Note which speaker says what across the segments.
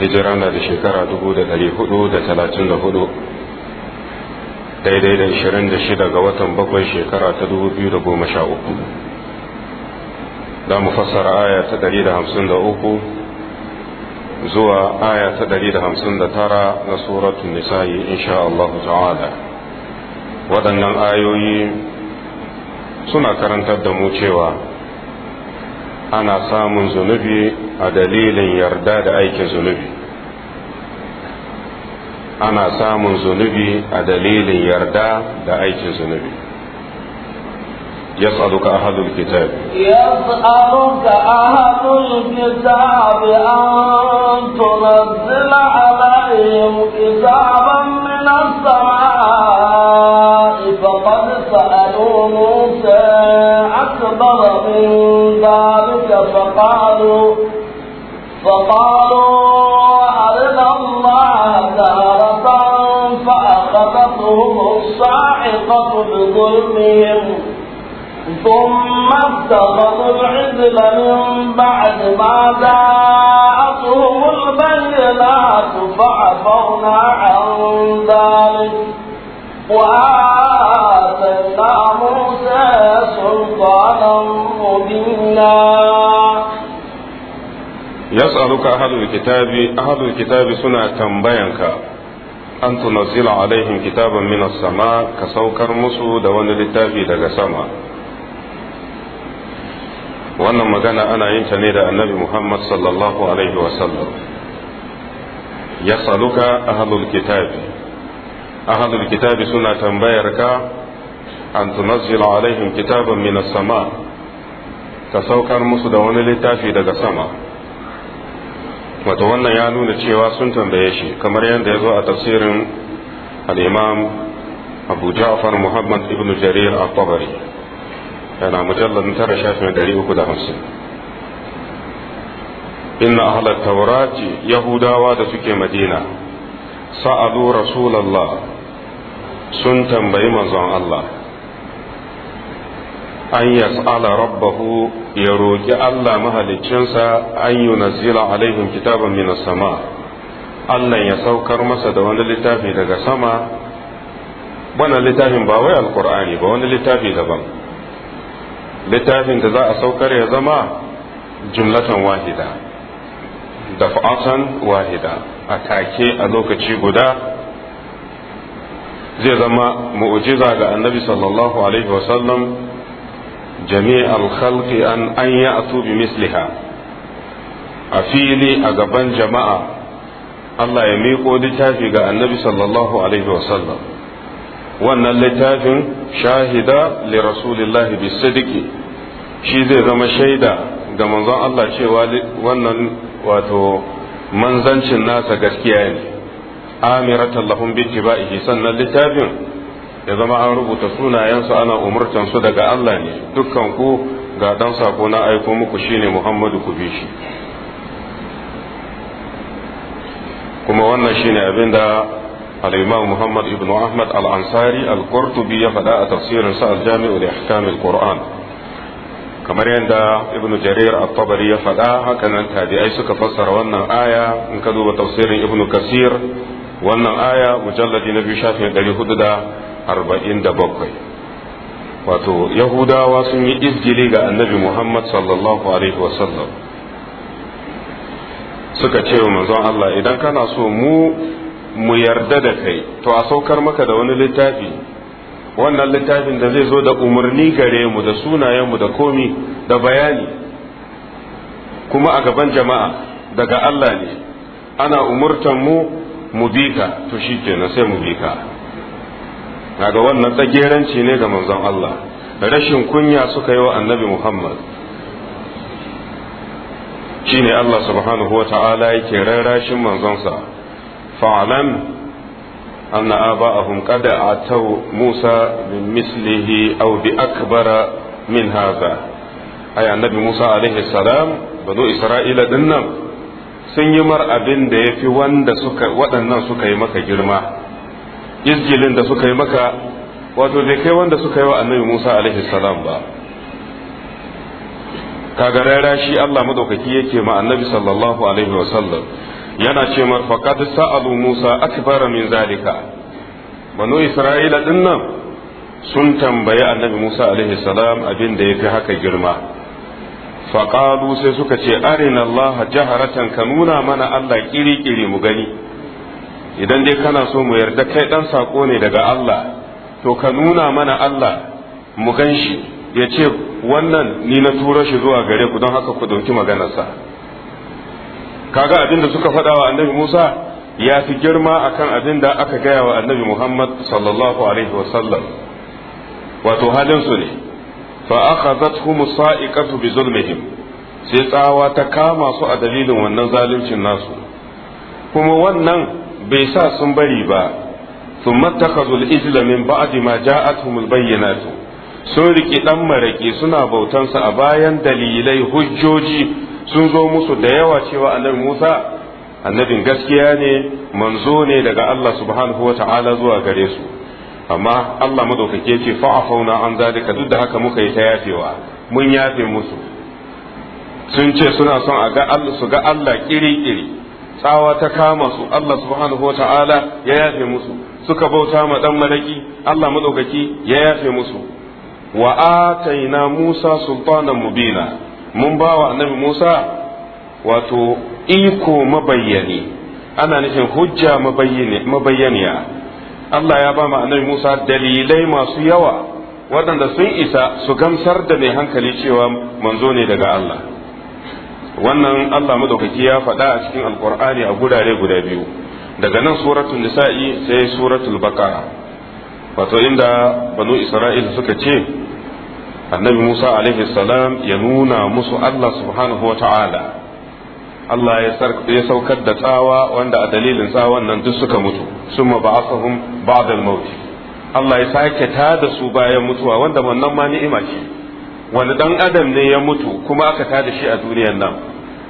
Speaker 1: hijira na da shekara hudu daidai da 26 ga watan bakwai shekara ta 2013 da mu fassara aya ta 153 zuwa aya ta 159 na suratun nisa'i insha Allah ta'ala waɗannan ayoyi suna karantar da mu cewa ana samun zunubi a dalilin yarda da aikin zunubi ana samun zunubi a dalilin yarda da aikin zunubi يسألك أحد الكتاب
Speaker 2: يسألك أحد الكتاب أن تنزل عليهم كتابا فقالوا فقالوا أرنا الله تارة فأخذتهم الصاعقة بظلمهم ثم اتخذوا العزل من بعد ما جاءتهم البينات فعفونا عن ذلك وآتينا موسى سلطانا مبينا
Speaker 1: يسألك أهل الكتاب أهل الكتاب سنة تنبينك an tunazzila alaihim kitaban min sama ka saukar musu da wani littafi daga sama wannan magana ana yin ta ne da annabi Muhammad sallallahu alaihi wasallam ya saluka ahlul kitabi ahlul kitabi suna tambayar ka an tunazzila alaihim kitaban min sama ka saukar musu da wani littafi daga sama wato wannan ya nuna cewa sun tambaye shi kamar yadda ya zo a tafsirin al-imam abu ja'far muhammad ibn jarir a tabari yana mujallar tara shafin dari uku da hamsin inna ahlar taurati yahudawa da suke madina sa'adu rasulallah sun tambayi manzon allah an yas'ala rabbahu ya roki Allah mahaliccinsa an yunazzila alaihim kitaban minas sama Allah ya saukar masa da wani littafi daga sama wannan littafin ba wai alkur'ani ba wani littafi daban littafin da za a saukar ya zama jumlatan wahida da fa'atan wahida a take a lokaci guda zai zama mu'ujiza ga annabi sallallahu alaihi جميع الخلق أن أن يأتوا بمثلها أفيلي أجبان جماعة الله يميقو لتافي النبي صلى الله عليه وسلم وأن لتاف شاهد لرسول الله بالصدق shi zai zama shaida ga manzon Allah cewa wannan wato manzancin nasa gaskiya ne amirat Allahum sannan littafin ya zama an rubuta sunayensu ana umurtan su daga Allah ne dukkan ku ga dan sako na aiko muku shine Muhammadu ku bi shi kuma wannan shine abinda al-Imam Muhammad ibn Ahmad al-Ansari al-Qurtubi ya faɗa a tafsirin sa al-Jami'u li Ahkam al-Qur'an kamar yadda ibnu Jarir at-Tabari ya faɗa haka nan tabi'ai suka fassara wannan aya in ka duba tafsirin ibnu Kasir wannan aya mujalladi na biyu shafin 400 arba'in da bakwai wato yahudawa sun yi izgili ga annabi muhammad sallallahu alaihi wasallam suka ce wa manzon Allah idan kana so mu mu yarda da kai to a saukar maka da wani littafi wannan littafin da zai zo da umarni gare mu da sunayenmu da komi da bayani kuma a gaban jama'a daga Allah ne ana umurtan mu mu bi ka to kenan sai mu bi ka ga wannan tsageranci ne ga manzon Allah rashin kunya suka yi wa annabi Muhammad shine Allah subhanahu wa ta'ala yake rarrashin manzonsa fa'alam anna aba'ahum qad ataw Musa min mislihi aw bi akbara min hadha ay annabi Musa alaihi salam banu Isra'ila dinnan sun yi mar abin da yafi wanda suka waɗannan suka yi maka girma izgilin da suka yi maka wato bai kai wanda suka yi wa annabi musa alaihi salam ba kaga rara shi allah madaukaki yake ma annabi sallallahu alaihi wasallam yana ce mar faqad sa'alu musa akbara min zalika banu isra'ila dinnan sun tambayi annabi musa alaihi salam abin da yafi haka girma faqalu sai suka ce arina allah jaharatan ka nuna mana allah kiri kiri mu gani idan dai kana so mu yarda kai dan sako ne daga Allah to ka nuna mana Allah mu gan shi ya ce wannan ni na tura shi zuwa gare ku don haka ku ɗauki maganarsa kaga abin da suka faɗa wa annabi Musa ya fi girma akan abin da aka gaya wa annabi Muhammad sallallahu alaihi sallam. wato halinsu ne fa akhadhathum sa'iqatu bi zulmihim sai tsawa ta kama su a dalilin wannan zaluncin nasu kuma wannan bai sa sun bari ba ثم اتخذوا الإجل ja a ما bayyana البينات sun riƙi ɗan maraƙi suna bautansa a bayan dalilai hujjoji sun zo musu da yawa cewa annabi Musa annabin gaskiya ne manzo ne daga Allah subhanahu wa ta'ala zuwa gare su amma Allah madaukake ce fa'afauna an zalika duk da haka muka yi ta yafewa mun yafe musu sun ce suna son a ga Allah su ga Allah kiri kiri tsawa ta kama su Allah subhanahu wa ta'ala ya yafe musu suka bauta ma dan malaki Allah madaukaki ya yafe musu wa ataina Musa sultanan mubina mun bawa annabi Musa wato iko mabayyani ana nufin hujja mabayyaniya Allah ya ba annabi Musa dalilai masu yawa waɗanda sun isa su gamsar da mai hankali cewa manzo ne daga Allah wannan Allah madaukaki ya faɗa a cikin alkur'ani a gurare guda biyu daga nan suratul nisa'i sai suratul baqara wato inda banu isra'il suka ce annabi Musa alaihi salam ya nuna musu Allah subhanahu wa ta'ala Allah ya saukar da tsawa wanda a dalilin tsawon nan duk suka mutu summa ba'athahum ba'da al-maut Allah ya sake tada su bayan mutuwa wanda wannan ma ni'ima ce wani dan adam ne ya mutu kuma aka tada shi a duniyar nan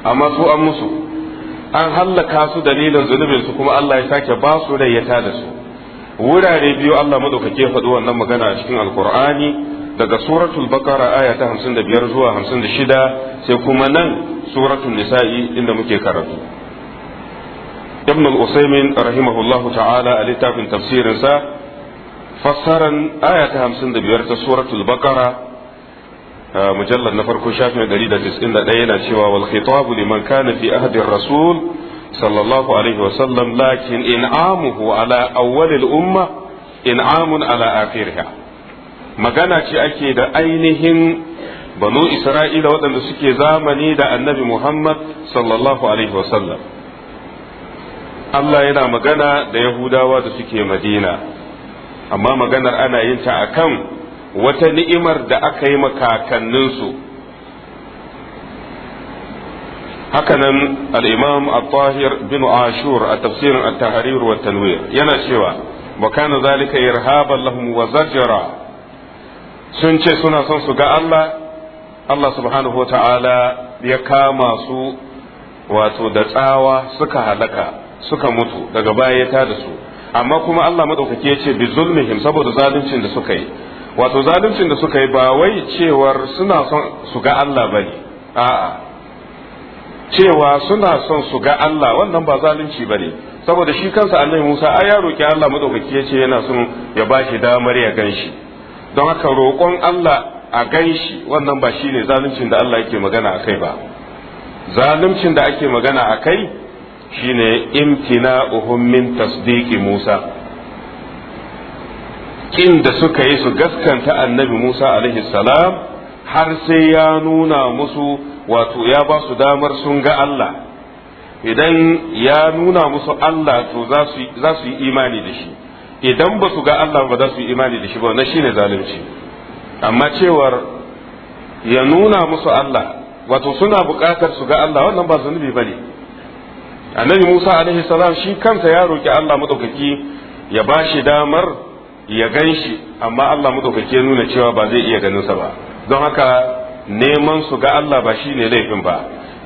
Speaker 1: amma su an musu an hallaka su dalilin zunubin su kuma Allah ya sake ba su rai ya tada su wurare biyu Allah ke faɗi wannan magana a cikin alkur'ani daga suratul baqara aya ta 55 zuwa 56 sai kuma nan suratul nisa'i inda muke karatu ibn al-usaymin rahimahullahu ta'ala a littafin tafsirinsa fassaran aya ta 55 ta suratul bakara mujallar na farko shafin 191 yana cewa wal khitabu liman kana fi ahdir rasul sallallahu alaihi wasallam lakin in'amuhu ala awwalil umma in'amun ala akhirha magana ce ake da ainihin banu isra'ila waɗanda suke zamani da annabi muhammad sallallahu alaihi wasallam Allah yana magana da yahudawa da suke madina amma maganar ana yin ta akan wata ni'imar da aka yi makakanninsu hakanan al'imam al-tahir bin ashur a tafsirin al-tahrir wa tanwir yana cewa wa kana zalika irhaban lahum wa zajra sun ce suna son su ga Allah Allah subhanahu wa ta'ala ya kama su wato da tsawa suka halaka suka mutu daga baya ya tada su amma kuma Allah madaukake ya ce bi zulmihim saboda zaluncin da suka yi wato zaluncin da suka yi ba wai cewar suna son su ga Allah ba ne a'a cewa suna son su ga Allah wannan ba zalunci ba ne saboda shi kansa Allah Musa ai ya roki Allah madaukaki ya ce yana son ya ba shi damar ya gan shi don haka roƙon Allah a gan shi wannan ba shi ne zaluncin da Allah yake magana a kai ba zaluncin da ake magana a kai shine imtina'uhum min tasdiqi Musa inda suka yi su gaskanta annabi Musa alaihi salam har sai ya nuna musu wato ya ba su damar sun ga Allah idan ya nuna musu Allah to za su yi imani da shi idan ba su ga Allah ba za su yi imani da shi ba na shine zalunci amma cewar ya nuna musu Allah wato suna buƙatar su ga Allah wannan ba zunubi ne annabi Musa alaihi salam shi kansa ya roki Allah madaukaki ya ba shi damar ya gan shi amma Allah madaukake ya nuna cewa ba zai iya ganin sa ba don haka neman su ga Allah ba shine laifin ba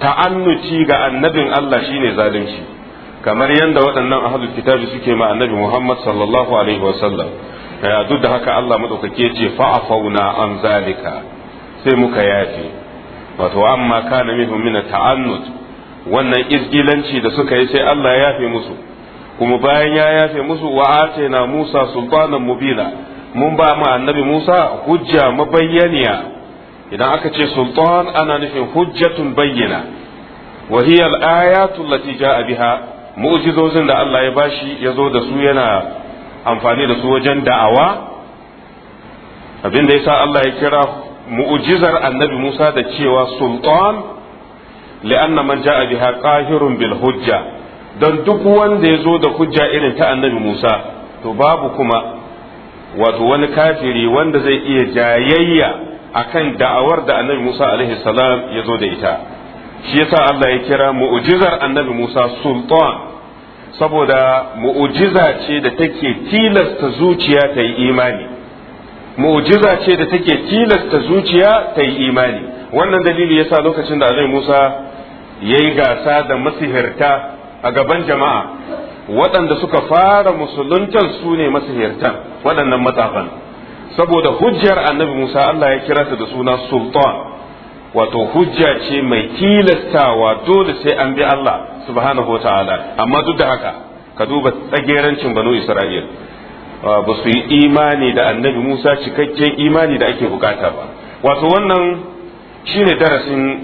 Speaker 1: ta'annuci ga annabin Allah shine zalunci kamar yadda waɗannan ahlul kitabi suke ma annabi Muhammad sallallahu alaihi wasallam eh, duk da haka Allah madaukake ce fa'afauna an zalika sai muka yafi wato amma kana minhum min ta'annut wannan izgilanci da suka yi sai Allah ya yafe musu kuma bayan ya yafe musu wa na Musa sultanan mubina mun ba mu annabi Musa hujja mabayyaniya idan aka ce sultan ana nufin hujjatun bayyana wa hiya al-ayatu allati jaa biha mu'jizozin da Allah ya bashi ya zo da su yana amfani da su wajen da'awa abinda yasa Allah ya kira mu'jizar annabi Musa da cewa sultan li'anna man jaa biha qahirun bil hujja don duk wanda ya zo da hujja irin ta annabi Musa to babu kuma wato wani kafiri wanda zai iya jayayya akan da'awar da annabi Musa alaihi salam ya zo da ita shi yasa Allah ya kira mu'jizar annabi Musa sultan saboda mu'jiza ce da take tilasta zuciya ta yi imani mu'jiza ce da take tilasta zuciya ta yi imani wannan dalili yasa lokacin da annabi Musa yayi gasa da masihirta a gaban jama'a waɗanda suka fara musuluntan su ne masihirtan waɗannan matafan saboda hujjar annabi Musa Allah ya kira su da suna sultan wato hujja ce mai tilastawa dole sai an bi Allah subhanahu wa ta'ala amma duk da haka ka duba tsagerancin banu Isra'il ba su yi imani da annabi Musa cikakken imani da ake bukata ba wato wannan shine darasin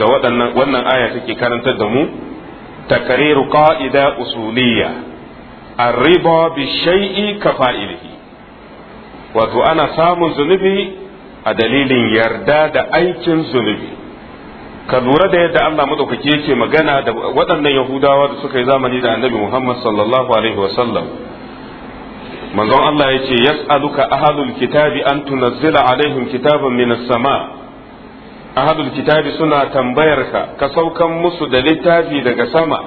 Speaker 1: da wannan aya take karantar da mu تقرير قاعدة أصولية الرضا بالشيء كفائله wato ana samun zunubi a dalilin yarda da aikin zunubi ka lura da yadda Allah madaukaki yake magana da waɗannan Yahudawa da suka yi zamani da Annabi Muhammad sallallahu alaihi wasallam manzon Allah yace yas'aluka ahlul kitabi an tunazzila alaihim kitaban minas sama ahadul kitabi suna tambayarka ka saukan musu da littafi daga sama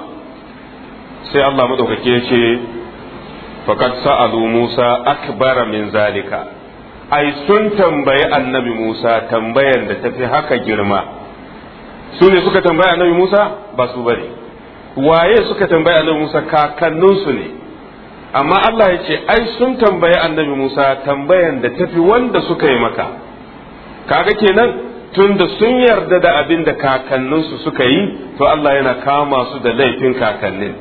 Speaker 1: sai Allah madaukake ce faqad sa'alu Musa akbara min zalika ai sun tambayi annabi Musa tambayar da tafi haka girma su ne suka tambayi annabi Musa ba su bari waye suka tambayi annabi Musa kakanninsu ne amma Allah ya ce ai sun tambayi annabi Musa tambayar da tafi wanda suka yi maka kaga kenan tunda sun yarda da abin da kakanninsu suka yi to Allah yana kama su da laifin kakannin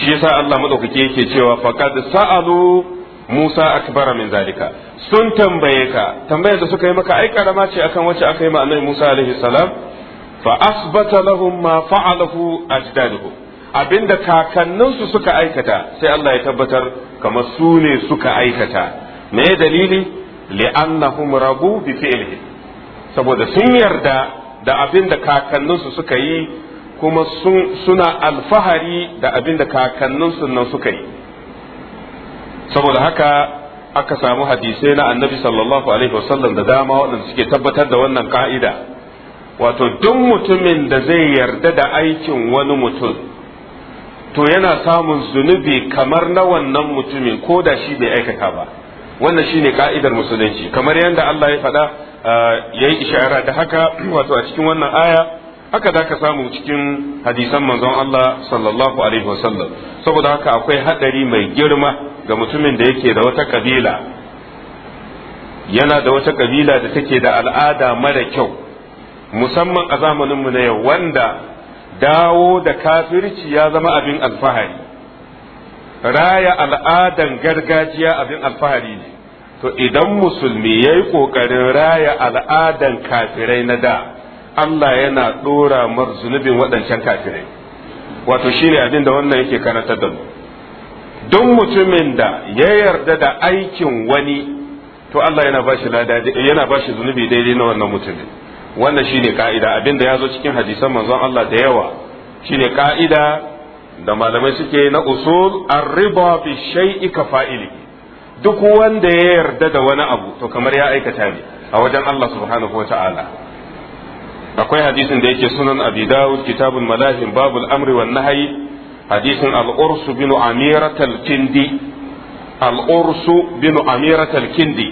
Speaker 1: shi yasa Allah madaukake yake cewa faqad sa'alu Musa akbara min zalika sun tambaye ka tambayar da suka yi maka ai karama ce akan wacce aka yi ma annabi Musa alaihi salam fa asbata lahum ma fa'alahu ajdaduhu abinda kakanninsu suka aikata sai Allah ya tabbatar kamar su ne suka aikata me dalili li'annahum rabu bi fi'lihi saboda sun yarda da abin da kakanninsu suka yi kuma suna alfahari da abin da kakanninsu nan suka yi saboda haka aka samu hadisai na annabi sallallahu alaihi wasallam da dama waɗanda suke tabbatar da wannan ka'ida wato duk mutumin da zai yarda da aikin wani mutum to yana samun zunubi kamar na wannan mutumin ko da shi bai aikata ba wannan shine ka'idar musulunci kamar yadda Allah ya faɗa yayi ishara da haka wato a cikin wannan aya haka za ka samu cikin hadisan manzon Allah sallallahu alaihi wasallam saboda haka akwai hadari mai girma ga mutumin da yake da wata kabila yana da wata kabila da take da al'ada mara kyau musamman a zamaninmu na yau wanda dawo da kafirci ya zama abin alfahari raya al'adan gargajiya abin alfahari ne to idan musulmi ya yi ƙoƙarin raya al'adan kafirai na da Allah yana ɗora mar zunubin waɗancan kafirai wato shi ne abin da wannan yake karantar da mu duk mutumin da ya yarda da aikin wani to Allah yana ba shi zunubi daidai na wannan mutumin wannan shi ne ka'ida abin da ya zo cikin hadisan manzon Allah da yawa shi ne ka'ida da malamai suke na usul arriba bi shay'i ka fa'ili duk wanda ya yarda da wani abu to kamar ya aikata ne a wajen Allah subhanahu ta'ala. akwai hadisin da yake sunan abi dawud kitabul malahim babul amri wan nahyi hadisin al-urs bin amirat al-kindi al-urs bin amirat al-kindi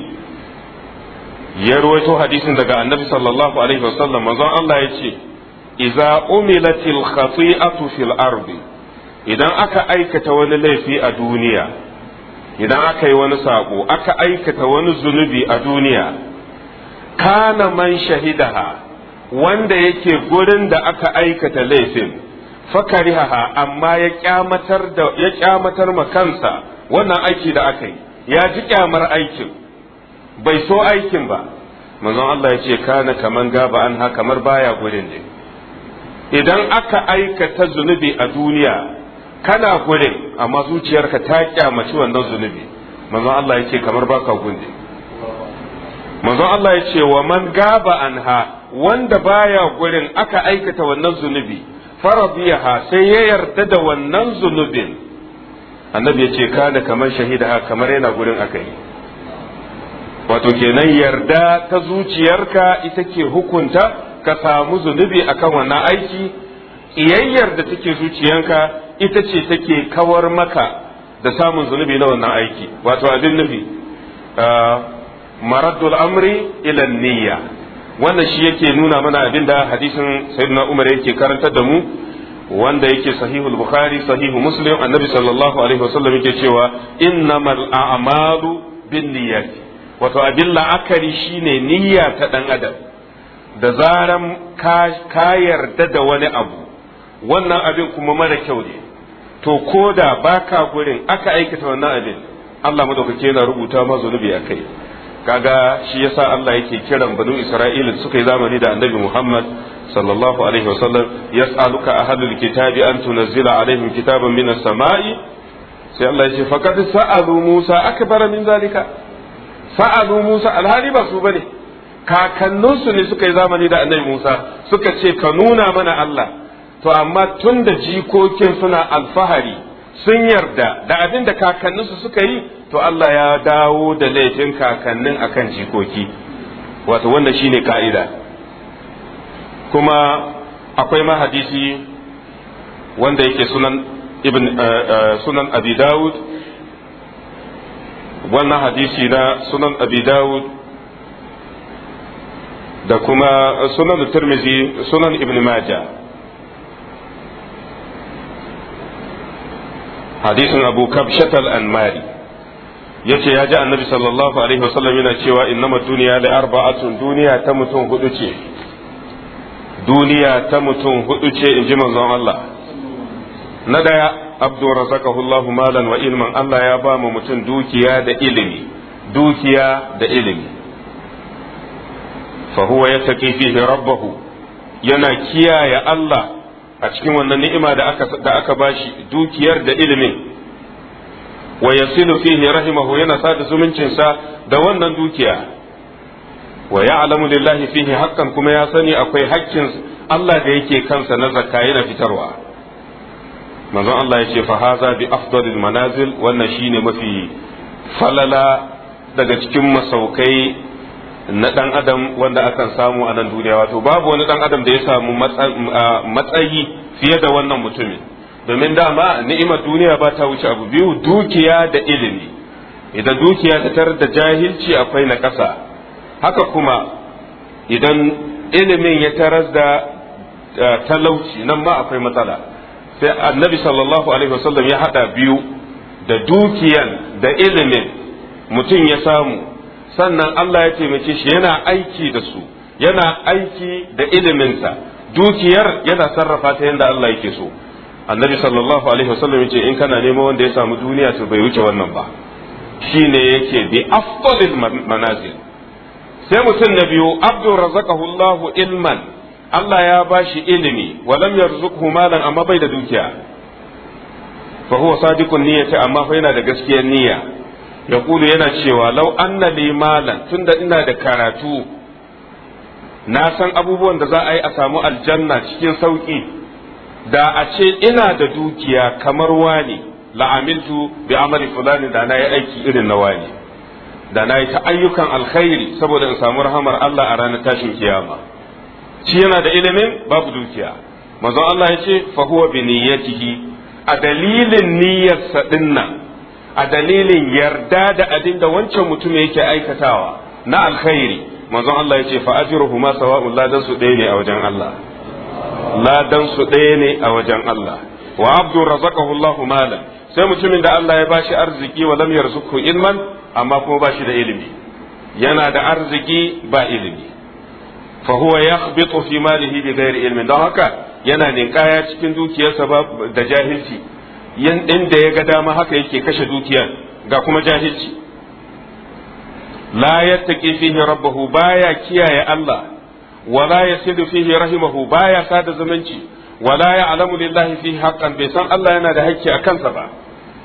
Speaker 1: ya ruwaito hadisin daga annabi sallallahu alaihi wasallam manzon Allah ya ce idza umilatil khati'atu fil ardi idan aka aikata wani laifi a duniya idan aka yi wani saƙo aka aikata wani zunubi a duniya kana man shahidaha wanda yake gurin da aka aikata laifin fakarihaha amma ya kyamatar da ya ma kansa wannan aiki da aka yi ya ji kyamar aikin bai so aikin ba manzon Allah ya ce kana kaman gaba an ha kamar baya gurin ne idan aka aikata zunubi a duniya kana gurin amma zuciyarka ta kyamaci wannan zunubi manzon Allah yake kamar baka gunde manzon Allah yace wa man gaba anha wanda baya gurin aka aikata wannan zunubi faradiyaha sai ya yarda da wannan zunubin annabi ya ce kana kamar shahida kamar yana gurin aka yi wato kenan yarda ta zuciyarka ita ke hukunta ka samu zunubi akan wannan aiki iyayyar da take zuciyanka ita ce take kawar maka da samun zunubi na wannan aiki wato abin nufi uh, maraddul amri ila niyya wannan shi yake nuna mana abin da hadisin sayyidina umar yake karantar da mu wanda yake sahihul bukhari sahihu muslim annabi sallallahu alaihi wasallam yake cewa innamal a'malu binniyat wato abin la'akari shine niyya ta dan adam da zaran ka yarda da wani abu wannan abin kuma mara kyau ne to ko da baka gurin aka aikata wannan abin Allah madaukake yana rubuta ma zunubi a kai kaga shi yasa Allah yake kiran banu Isra'ila suka yi zamani da Annabi Muhammad sallallahu alaihi wasallam yas'aluka ahlul kitabi an tunzila alaihim kitaban minas sama'i sai Allah yace ce faqad sa'alu Musa akbar min zalika sa'alu Musa alhali ba su bane kakanninsu ne suka yi zamani da Annabi Musa suka ce ka nuna mana Allah to amma tun da jikokin suna alfahari sun yarda da abin da kakanninsu suka yi to Allah ya dawo da laifin kakannin akan jikoki wato wannan shine ka'ida kuma akwai mahadisi wanda yake sunan ibn eh, eh, sunan abi daud wannan hadisi na sunan abi daud da kuma sunan tirmizi sunan ibn majah hadisin abu kabshat al-anmari yace ya ji annabi sallallahu alaihi wasallam yana cewa innama duniya li arba'atun duniya ta mutum hudu ce duniya ta mutum hudu ce inji manzon Allah na daya abdu razaqahullahu malan wa ilman Allah ya ba mu mutum dukiya da ilimi dukiya da ilimi fa huwa yattaqi fihi yana kiyaye Allah a cikin wannan ni'ima da aka da aka bashi dukiyar da ilimin wa yasilu fihi rahimahu yana sada zumuncin sa da wannan dukiya wa ya'lamu lillahi fihi haqqan kuma ya sani akwai haƙƙin Allah da yake kansa na zakka na fitarwa manzon Allah ya ce fa haza bi afdalil manazil wannan shine mafi falala daga cikin masaukai na dan adam wanda akan samu a nan duniya wato babu wani dan adam da ya samu matsayi fiye da wannan mutumin domin dama ni'imar duniya ba ta wuce abu biyu dukiya da ilimi idan dukiya ta tar da jahilci akwai na ƙasa haka kuma idan ilimin ya tarar da talauci nan ma akwai matsala sai annabi sallallahu alaihi wasallam ya hada biyu da dukiyan da ilimin mutum ya samu sannan Allah ya taimake shi yana aiki da su yana aiki da iliminsa dukiyar yana sarrafa ta yadda Allah yake so annabi sallallahu alaihi wasallam yace in kana nema wanda ya samu duniya to bai wuce wannan ba shine yake bi afdalil manazil sai mutum na biyu razaqahu Allah ilman Allah ya bashi ilimi walam yarzuqhu malan amma bai da dukiya fa huwa sadiqun niyyati amma fa yana da gaskiyar niyya ya yana cewa lau anna li malan tunda ina da karatu na san abubuwan da za a yi a samu aljanna cikin sauƙi da a ce ina da dukiya kamar wani la'amiltu bi amali fulani da na yi aiki irin na wani da na yi ta ayyukan alkhairi saboda in samu rahamar Allah a ranar tashin kiyama shi yana da ilimin babu dukiya manzon Allah ya ce fa huwa bi niyyatihi a dalilin niyyarsa dinnan a dalilin yarda da abin da wancan mutum yake aikatawa na alkhairi manzon Allah yace fa ajruhu ma sawa'un ladan su ɗaya ne a wajen Allah ladan su ɗaya ne a wajen Allah wa abdu razaqahu Allahu malan sai mutumin da Allah ya bashi arziki wa lam yarzuqhu ilman amma kuma bashi da ilimi yana da arziki ba ilimi fa huwa yakhbitu fi malihi bi ghairi ilmin don haka yana ninkaya cikin dukiyarsa da jahilci yan ɗin da ya ga dama haka yake kashe dukiyar ga kuma jahilci la yattaqi fihi rabbahu baya kiyaye Allah wala yasidu fihi rahimahu baya sada zumunci wala alamu lillahi fi haqqan bai san Allah yana da hakki a kansa ba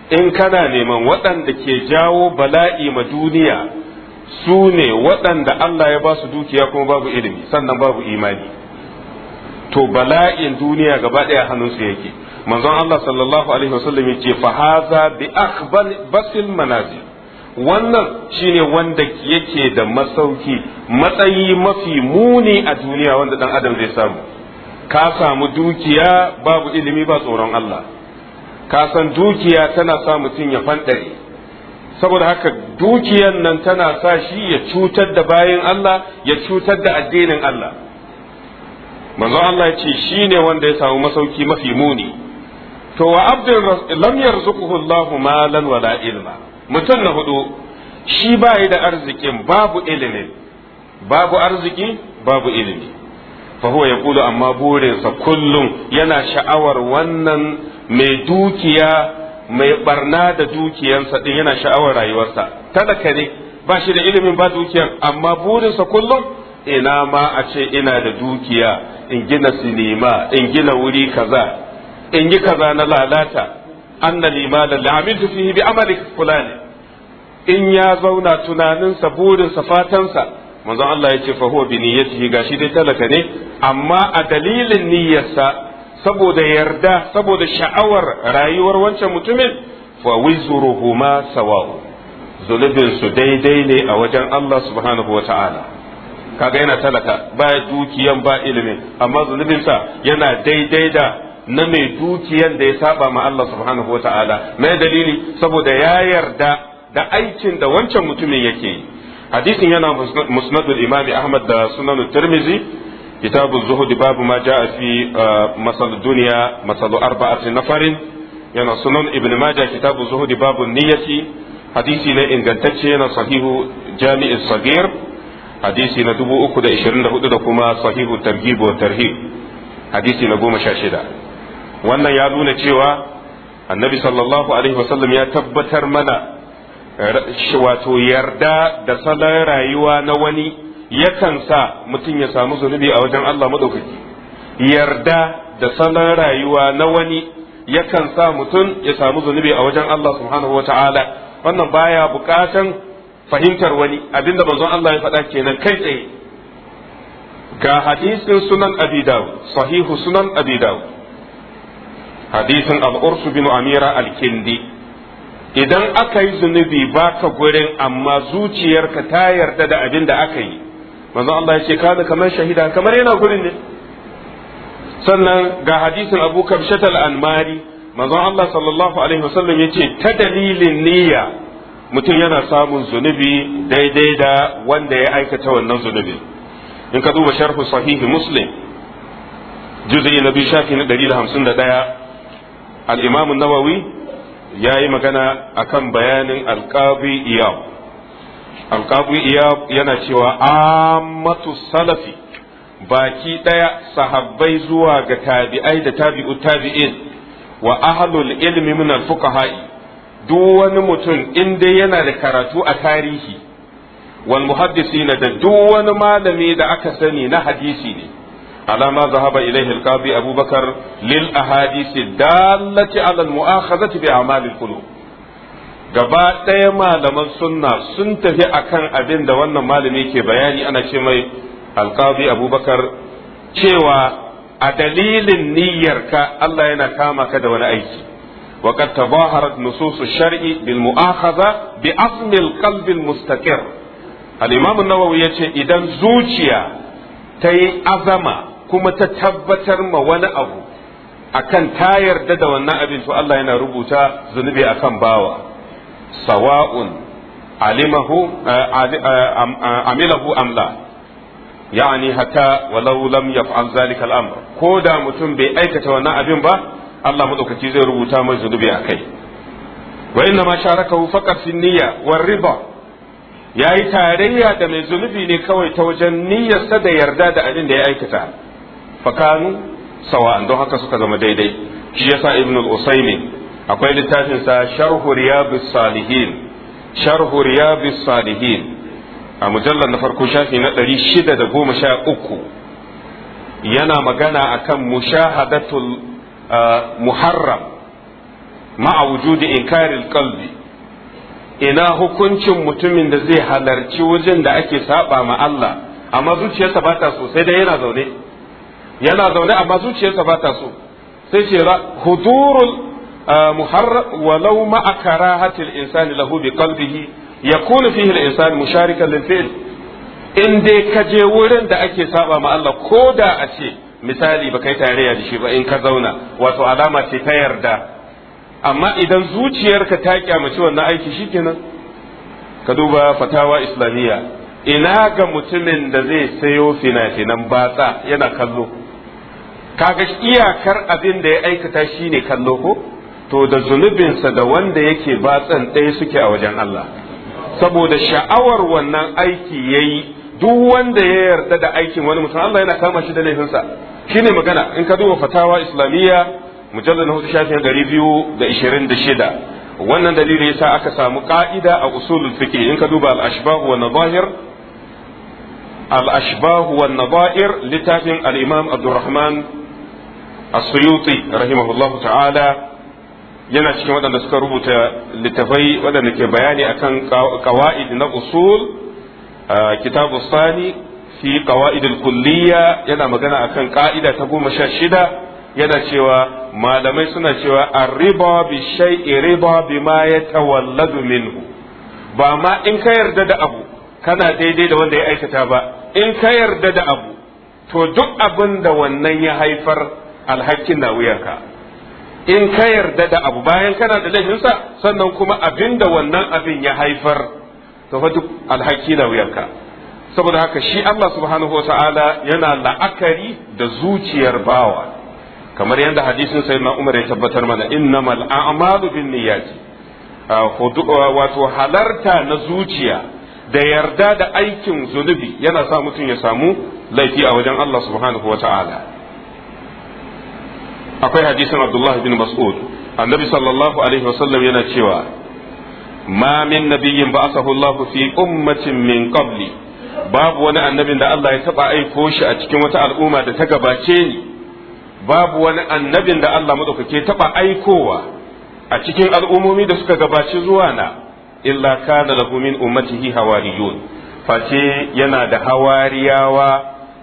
Speaker 1: in kana neman waɗanda ke jawo bala'i ma duniya su ne waɗanda Allah ya ba su dukiya kuma babu ilimi sannan babu imani to bala'in duniya gaba ɗaya hannunsu yake manzon Allah sallallahu alaihi wasallam ya ce fa bi akhbal basil Manazi. wannan shine wanda yake da masauki matsayi mafi muni a duniya wanda dan adam zai samu ka samu dukiya babu ilimi ba tsoron Allah ka san dukiya tana sa mutum ya fanɗare saboda haka dukiyan nan tana sa shi ya cutar da bayin Allah ya cutar da addinin Allah manzo Allah ya ce shine wanda ya samu masauki mafi muni to wa abdul lam yarzuquhu Allahu malan wala ilma mutum na hudu shi bai da arzikin babu ilimin babu arziki babu ilimi fa huwa yaqulu amma burinsa kullum yana sha'awar wannan mai dukiya mai barna da dukiyansa din yana sha'awar rayuwarsa talaka ne ba shi da ilimin ba dukiyan amma burinsa kullum ina ma a ce ina da dukiya in gina sinima in gina wuri kaza in yi kaza na lalata anna limana la'amiltu fihi bi amali fulani in ya zauna tunaninsa burinsa fatansa manzon Allah ya ce fa huwa bi niyyatihi gashi dai talaka ne amma a dalilin niyyarsa saboda yarda saboda sha'awar rayuwar wancan mutumin fa wizruhuma sawa'u zulubin su daidai ne a wajen Allah subhanahu wata'ala kaga yana talaka ba dukiyan ba ilimin amma zunubinsa yana daidai da na mai dukiyan da ya saba ma Allah subhanahu wataala mai dalili saboda ya yarda da aikin da wancan mutumin yake yi hadisin yana musnadul imam ahmad da sunan tirmizi kitabu zuhud babu ma jaa fi uh, masal dunya masal arba'ati nafarin yana sunan ibn majah kitabu zuhud babu niyyati hadisi ne ingantacce yana sahihu jami'i sagir hadisi na 324 da kuma sahihu targhib wa tarhib hadisi na 16 wannan ya nuna cewa annabi sallallahu alaihi wasallam ya tabbatar mana eh, wato yarda da salon rayuwa na wani yakan sa mutum ya samu zunubi a wajen Allah maɗaukaki yarda da salon rayuwa na wani yakan sa mutum ya samu zunubi a wajen Allah subhanahu wa ta'ala wannan baya bukatan fahimtar wani abinda manzon Allah ya faɗa kenan kai tsaye ga hadisin sunan abi dawud sahihu sunan abi dawud hadisin al'ursu bin amira al-kindi idan aka yi zunubi baka gurin amma zuciyarka ta yarda da abin da aka yi manzo Allah ya ce kana kamar shahida kamar yana gurin ne sannan ga hadisin Abu Kabshat al-Anmari manzo Allah sallallahu alaihi wasallam ya ce ta dalilin niyya mutum yana samun zunubi daidai da wanda ya aikata wannan zunubi in ka duba sharhu sahihi muslim juz'i na biyu shafi na 151 al-imam an-nawawi yayi magana akan bayanin al-qadi iyab al yana cewa ammatu salafi baki ɗaya sahabbai zuwa ga tabi'ai da tabi'u tabi'in wa ahlul ilmi min al wani mutum in dai yana da karatu a tarihi wal muhaddisina da duk wani malami da aka sani na hadisi ne على ما ذهب إليه القاضي أبو بكر للأحاديث الدالة على المؤاخذة بأعمال القلوب gaba ɗaya malaman sunna sun tafi akan kan abin da wannan malami ke bayani ana ce mai alkazi abubakar cewa a dalilin niyyarka Allah yana kama ka da wani aiki waƙar tabahar nususu shari'i bil mu'ahaza bi asmil kalbin mustaƙir al-imamun nawawi ya ce idan zuciya ta yi azama kuma ta tabbatar ma wani abu akan ta yarda da wannan abin to Allah yana rubuta zunubi akan bawa sawa'un alimahu eh, eh, eh, amilahu amla yani hatta walau lam yaf'al zalika al-amr ko da mutum bai aikata wannan abin ba Allah madaukaki zai rubuta mai zunubi akai wa inna ma sharakahu faqat fi niyya war riba yayi tarayya da mai zunubi ne kawai ta wajen niyyarsa da yarda da abin da ya aikata fakanu sawa'an don haka suka zama daidai shi yasa ibn al-usaymi akwai littafin sa sharhu riyabis salihin sharhu riyabis salihin a mujallar na farko shafi na 613 yana magana akan mushahadatul muharram ma'a wujudi inkaril qalbi ina hukuncin mutumin da zai halarci wajen da ake saba ma Allah amma zuciyarsa ba ta sosai dai yana zaune yana zaune amma zuciyarsa ba ta so sai ce hudurul ah, muharram walau ma'a karahatil insani lahu bi qalbihi yakunu fihi al-insan musharikan lil fi'l in dai ka je wurin da ake saba ma Allah ko da a ce misali ba kai tarayya da shi ba in ka zauna wato alama ce ta yarda amma idan zuciyarka ta kyamaci wannan aiki shikenan ka duba fatawa islamiyya ina ga mutumin da zai sayo fina-finan batsa yana kallo kaga iyakar abin da ya aikata shine kallo ko to da zunubinsa da wanda yake batsan ɗaya suke a wajen Allah saboda sha'awar wannan aiki yayi duk wanda ya yarda da aikin wani mutum Allah yana kama shi da laifinsa shine magana in ka duba fatawa islamiyya mujallal na hudu shafin gari biyu da ishirin da shida wannan dalili yasa aka samu ka'ida a usulul fiqh in ka duba al-ashbah wa nadahir al-ashbah wa littafin al-imam Abdurrahman as-suyuti rahimahullahu ta'ala yana cikin waɗanda suka rubuta littafai waɗanda ke bayani akan qawaid na usul kitabu sani fi qawaid al-kulliyya yana magana akan ƙa'ida ta goma sha shida yana cewa malamai suna cewa ar-riba bi shay'i riba bima yatawalladu minhu ba ma in ka yarda da abu kana daidai da wanda ya aikata ba in ka yarda da abu to duk abin da wannan ya haifar alhakin na wuyanka in ka yarda da abu bayan kana da laifinsa sannan kuma abin da wannan abin ya haifar to fa duk alhaki na wuyanka saboda haka shi Allah subhanahu wa ta'ala yana la'akari da zuciyar bawa kamar yadda hadisin sayyidina Umar ya tabbatar mana innamal a'malu binniyati wato halarta na zuciya da yarda da aikin zunubi yana sa mutum ya samu laifi a wajen Allah subhanahu wa ta'ala akwai hadisin abdullahi bin mas'ud annabi sallallahu alaihi wasallam yana cewa ma min nabiyyin ba'athahu Allah fi ummatin min qabli babu wani annabin da Allah ya taba aiko shi a cikin wata al'umma da ta gabace ni babu wani annabin da Allah madaukake taba aikowa a cikin al'ummomi da suka gabace zuwa na illa kana lahu min ummatihi hawariyun face yana da hawariyawa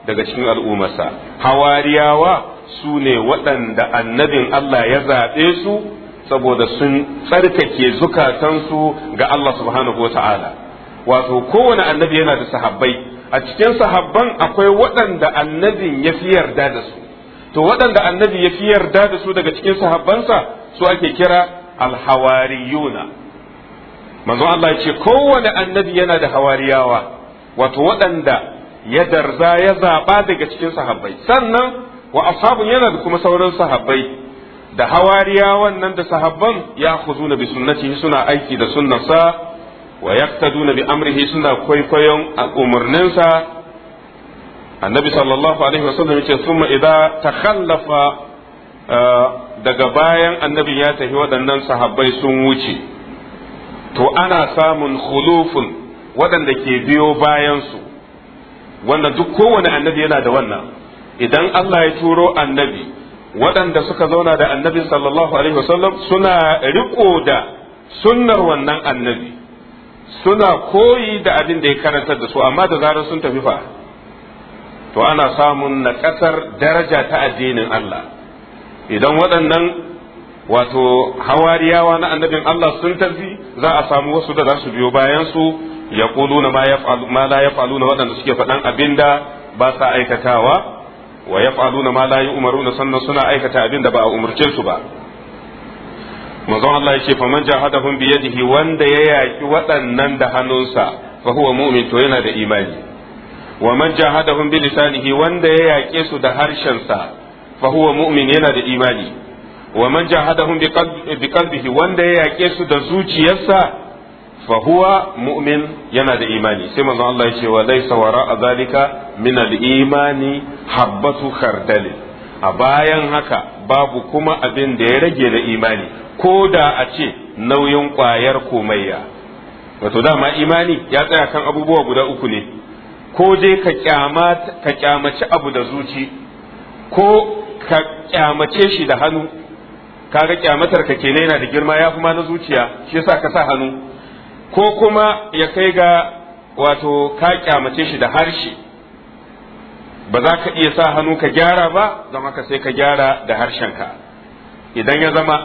Speaker 1: daga cikin al'ummarsa hawariyawa su ne waɗanda annabin Allah ya zaɓe su saboda sun tsarkake zukatansu ga Allah subhanahu wa ta'ala wato kowane annabi yana da sahabbai a cikin sahabban akwai waɗanda annabin ya fi yarda da su to waɗanda annabi ya fi yarda da su daga cikin sahabbansa su ake kira alhawariyuna manzo Allah ce kowane annabi yana da hawariyawa wato waɗanda ya darza ya zaɓa daga cikin sahabbai sannan wa ashabu yana da kuma sauran sahabbai da hawariya wannan da sahabban ya khuzuna bi sunnatihi suna aiki da sunnasa wa yaqtaduna bi amrihi suna kwaikwayon umarninsa annabi sallallahu alaihi wasallam yace thumma idza takhallafa eh, daga bayan annabi ya tafi waɗannan sahabbai sun wuce to ana samun khulufun waɗanda ke biyo bayansu wanda duk kowane annabi yana da wannan idan Allah ya turo annabi waɗanda suka zauna da annabi sallallahu alaihi wasallam suna riko da sunnar wannan annabi suna koyi da abin da ya karanta da su amma da zarar sun tafi fa to ana samun naƙasar daraja ta addinin Allah idan waɗannan wato hawariyawa na annabin Allah sun tafi za a samu wasu da za su biyo bayan su ya ma la ya falu na waɗanda suke faɗan abin da ba sa aikatawa wa ya yaf'aluna ma umaru na sannan suna aikata abin da ba a umarce su ba manzon Allah ya ce fa man jahadahum bi yadihi wanda ya yaki waɗannan da hannunsa fa huwa mu'min to yana da imani wa man jahadahum bi lisanihi wanda ya yaƙe su da harshensa fa huwa mu'min yana da imani wa man jahadahum bi qalbihi wanda ya yaƙe su da zuciyarsa fa huwa mu'min yana da imani sai manzon Allah ya ce wa laysa wara zalika min al-imani habbatu khardal a bayan haka babu kuma abin da ya rage da imani ko da a ce nauyin kwayar ya. wato dama imani ya tsaya kan abubuwa guda uku ne ko je ka kyama ka kyamaci abu da zuci ko ka kyamace shi da hannu kaga kyamatar ka kenan yana da girma ya ma na zuciya shi yasa ka sa hannu ko kuma ya kai ga wato ka kyamace shi da harshe ba za ka iya sa hannu ka gyara ba zama ka sai ka gyara da harshenka idan ya zama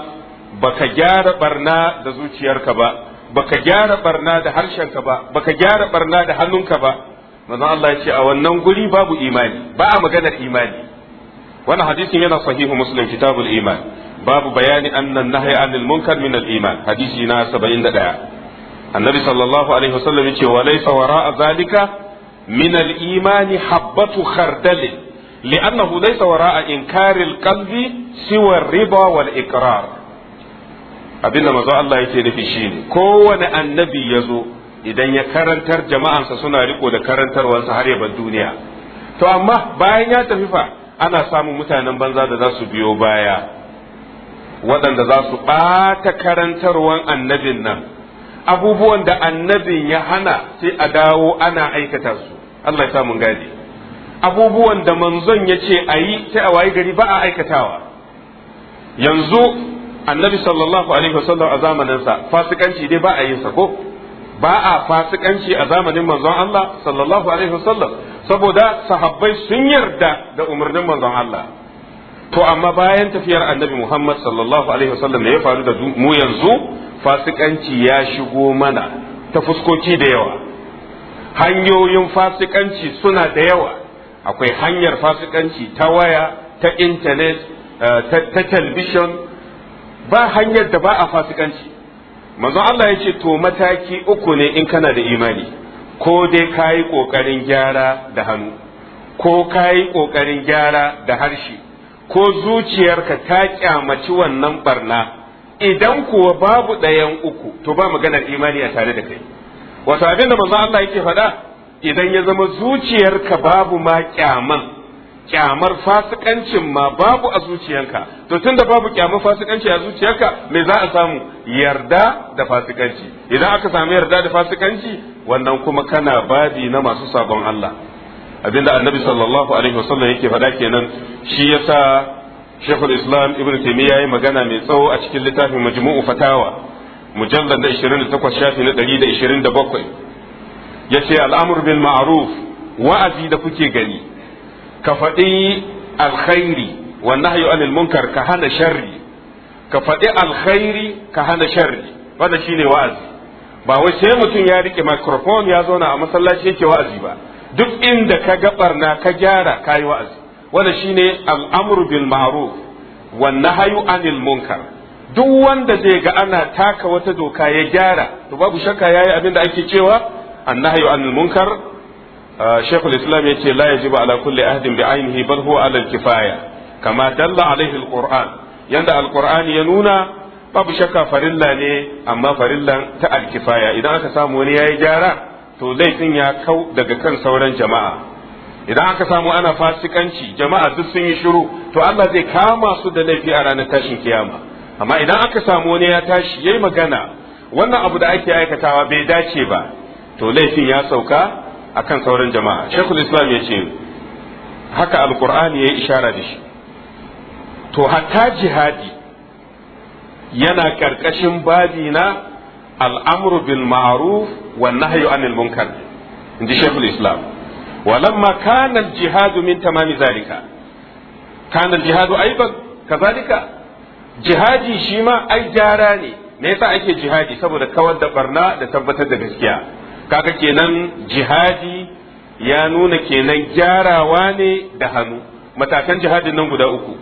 Speaker 1: baka gyara barna da zuciyarka ba baka gyara barna da harshenka ba baka gyara barna da hannunka ba manzon Allah ya ce a wannan guri babu imani ba a maganar imani wannan hadisin yana sahihu muslim kitabul iman babu bayani annan nahya anil munkar min al iman hadisi na 71 annabi sallallahu alaihi wasallam yace wa laysa wara'a zalika min al-iman habbatu khardal li'annahu laysa wara'a inkari al kalbi siwa riba wal iqrar abinda manzo Allah yake nufi shine kowane annabi yazo idan ya karantar jama'ansa suna riko da karantarwarsa har ya duniya to amma bayan ya tafi fa ana samun mutanen banza da za su biyo baya waɗanda za su ɓata karantarwan annabin nan abubuwan da annabin ya hana sai a dawo ana aikata su Allah ya sa mun gadi abubuwan da manzon ya ce a yi sai a wayi gari ba a aikatawa yanzu annabi sallallahu alaihi wasallam a zamaninsa fasikanci dai ba a yin sa ko ba a fasikanci a zamanin manzon Allah sallallahu alaihi wasallam saboda sahabbai sun yarda da umarnin manzon Allah to amma bayan tafiyar annabi Muhammad sallallahu alaihi wasallam da ya faru da mu yanzu fasikanci ya shigo mana ta fuskoki da yawa hanyoyin fasikanci suna da yawa akwai hanyar fasikanci ta waya ta intanet eh, ta talbishin ba hanyar da ba a fasikanci manzo Allah ya ce to mataki uku ne in kana da imani ko dai kayi kokarin gyara da hannu ko kayi kokarin gyara da harshe ko zuciyarka ta kyamaci wannan barna idan kuwa babu ɗayan uku to ba maganar imani a tare da kai wato abin da manzo Allah yake faɗa idan ya zama zuciyarka babu ma kyaman kyamar fasikancin ma babu a zuciyarka to tunda babu kyamar fasikanci a zuciyarka me za a samu yarda da fasikanci idan aka samu yarda da fasikanci wannan kuma kana babi na masu sabon Allah abinda annabi sallallahu alaihi wasallam yake faɗa kenan shi yasa shekul islam ibn taimiyya ya magana mai tsawo a cikin littafin majmu'u fatawa mujallar da 28 shafi na 127 ya ce al'amur bin ma'ruf wa'azi da kuke gani ka faɗi alkhairi wa nahyu anil munkar ka hana sharri ka faɗi alkhairi ka hana sharri wannan shine wa'azi ba wai sai mutum ya rike microphone ya zauna a masallaci yake wa'azi ba duk inda ka ga barna ka gyara kayi wa'azi wanda shine al'amru bin ma'ruf wan nahyu anil munkar duk wanda zai ga ana taka wata doka ya gyara to babu shaka yayi abin da ake cewa an nahyu anil munkar shaykhul islam yace la yajibu ala kulli ahdin bi ainihi bal huwa ala al kifaya kama dalla alaihi al qur'an yanda al qur'an ya nuna babu shaka farilla ne amma farillan ta al kifaya idan aka samu wani ya yayi gyara to laifin ya kau daga kan sauran jama'a idan aka samu ana fasikanci jama'a duk sun yi shiru to Allah zai kama su da laifi a ranar tashin kiyama amma idan aka samu wani ya tashi yayi magana wannan abu da ake aikatawa bai dace ba to laifin ya sauka akan sauran jama'a shekul islam ya ce haka alkur'ani ya yi ishara da shi to hatta jihadi yana karkashin babi na al'amru bil ma'ruf wan nahyu anil munkar inji shaykhul islam walamma kana al jihadu min tamami zalika kana al jihadu aidan kazalika jihadi shi ma ai jara ne me yasa ake jihadi saboda kawar da barna da tabbatar da gaskiya kaga kenan jihadi ya nuna kenan gyarawa ne da hannu matakan jihadi nan guda uku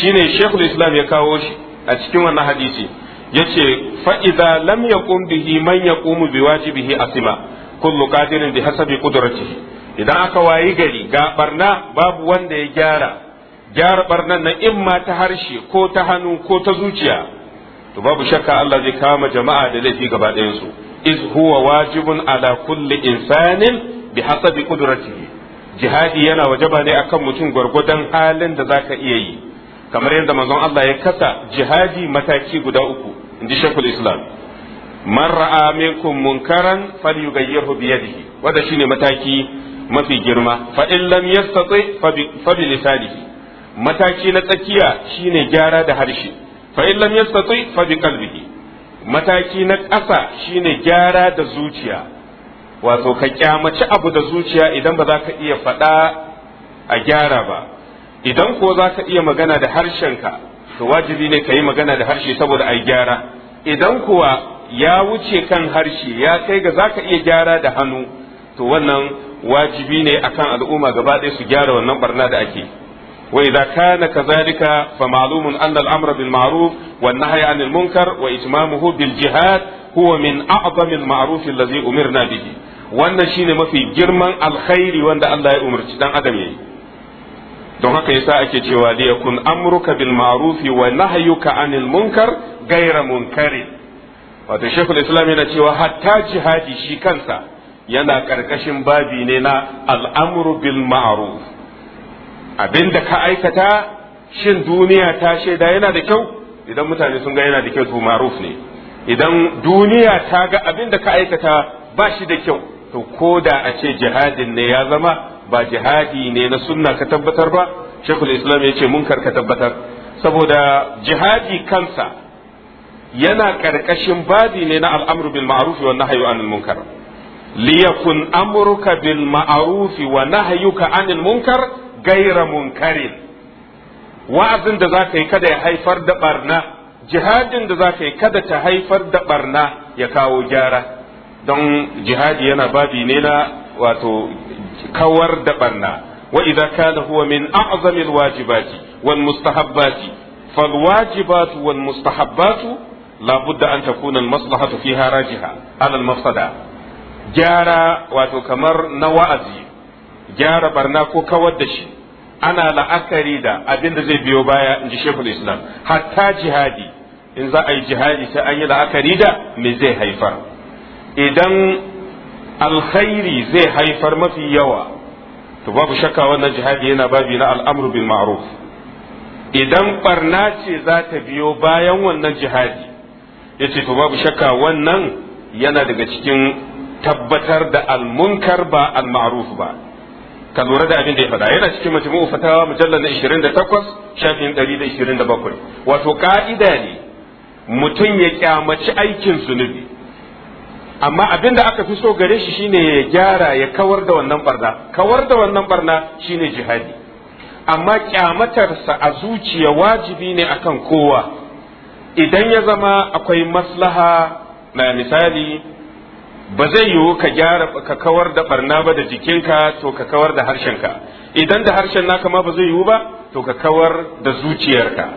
Speaker 1: shine shekul islam ya kawo shi a cikin wannan hadisi yace fa idza lam yaqum bihi man yaqumu bi wajibihi asima kullu qadirin bi hasabi qudratihi idan aka wayi gari ga barna babu wanda ya gyara gyara barnan na imma ta harshe ko ta hannu ko ta zuciya to babu shakka Allah zai kama jama'a da laifi gaba ɗayan su iz huwa wajibun ala kulli insanin bi hasabi qudratihi jihadi yana wajaba ne akan mutum gwargwadon halin da zaka iya yi kamar yadda manzon Allah ya kasa jihadi mataki guda uku inji shekul islam man ra'a minkum munkaran falyughayyirhu bi yadihi wanda shine mataki mafi girma fa in lam yastati fa bi lisanihi mataki na tsakiya shine gyara da harshe fa in lam yastati fa bi qalbihi mataki na ƙasa shine gyara da zuciya wato ka kyamaci abu da zuciya idan ba za ka iya faɗa a gyara ba idan ko za ka iya magana da harshenka to wajibi ne ka yi magana da harshe saboda a yi gyara idan kuwa ya wuce kan harshe ya kai ga zaka iya gyara da hannu to wannan wajibi ne akan al'umma gaba ɗaya su gyara wannan barna da ake wa idza kana kadhalika fa ma'lumun anna al-amra bil ma'ruf wa an-nahya 'anil munkar wa itmamuhu bil jihad huwa min a'zami al-ma'ruf alladhi umirna bihi wannan shine mafi girman alkhairi wanda Allah ya umarci dan adam yayi don haka yasa ake cewa da yakun amruka bil ma'rufi wa nahyuka anil munkar gaira munkari wato shekul islam yana cewa hatta jihadi shi kansa yana karkashin babi ne na al'amru bil ma'ruf abinda ka aikata shin duniya ta shaida yana da kyau idan mutane sun ga yana da kyau to ma'ruf ne idan duniya ta ga abinda ka aikata ba shi da kyau to ko da a ce jihadin ne ya zama ba jihadi ne na sunna ka tabbatar ba shekul islam ya ce munkar ka tabbatar saboda jihadi kansa yana karkashin babi ne na al'amru bil ma'ruf wa nahyu anil munkar liyakun amruka bil ma'ruf wa nahyuka anil munkar gaira munkarin wa'azin da zaka yi kada ya haifar da barna jihadin da zaka yi kada ta haifar da barna ya kawo gyara don jihadi yana babi ne na wato kawar da barna wa idza kana huwa min a'zami alwajibati wal mustahabbati fal wajibatu wal mustahabbatu la budda an takuna al maslahatu fiha rajiha ala al mafsada gyara wato kamar na wa'azi gyara barna ko kawar da shi ana la'akari da abin da zai biyo baya in ji shekul islam hatta jihadi in za a yi jihadi sai an yi la'akari da me zai haifar idan alkhairi zai haifar mafi yawa to babu shakka wannan jihadi yana babi na al'amru bil ma'ruf idan barna ce za ta biyo bayan wannan jihadi yace to babu shakka wannan yana daga cikin tabbatar da almunkar ba al-ma'ruf ba ka lura da abin da ya faɗa yana cikin majmu'u fatawa mujallar na 28 shafin 127 wato ka'ida ne mutum ya kyamaci aikin zunubi amma abin da aka fi so gare shi shine ya gyara ya kawar da wannan barna kawar da wannan barna shine jihadi amma kyamatarsa a zuciya wajibi ne akan kowa idan ya zama akwai maslaha na misali ba zai yiwu ka gyara ka kawar da barna ba da jikinka to ka kawar da harshenka idan da harshen naka ma ba zai yiwu ba to ka kawar da zuciyarka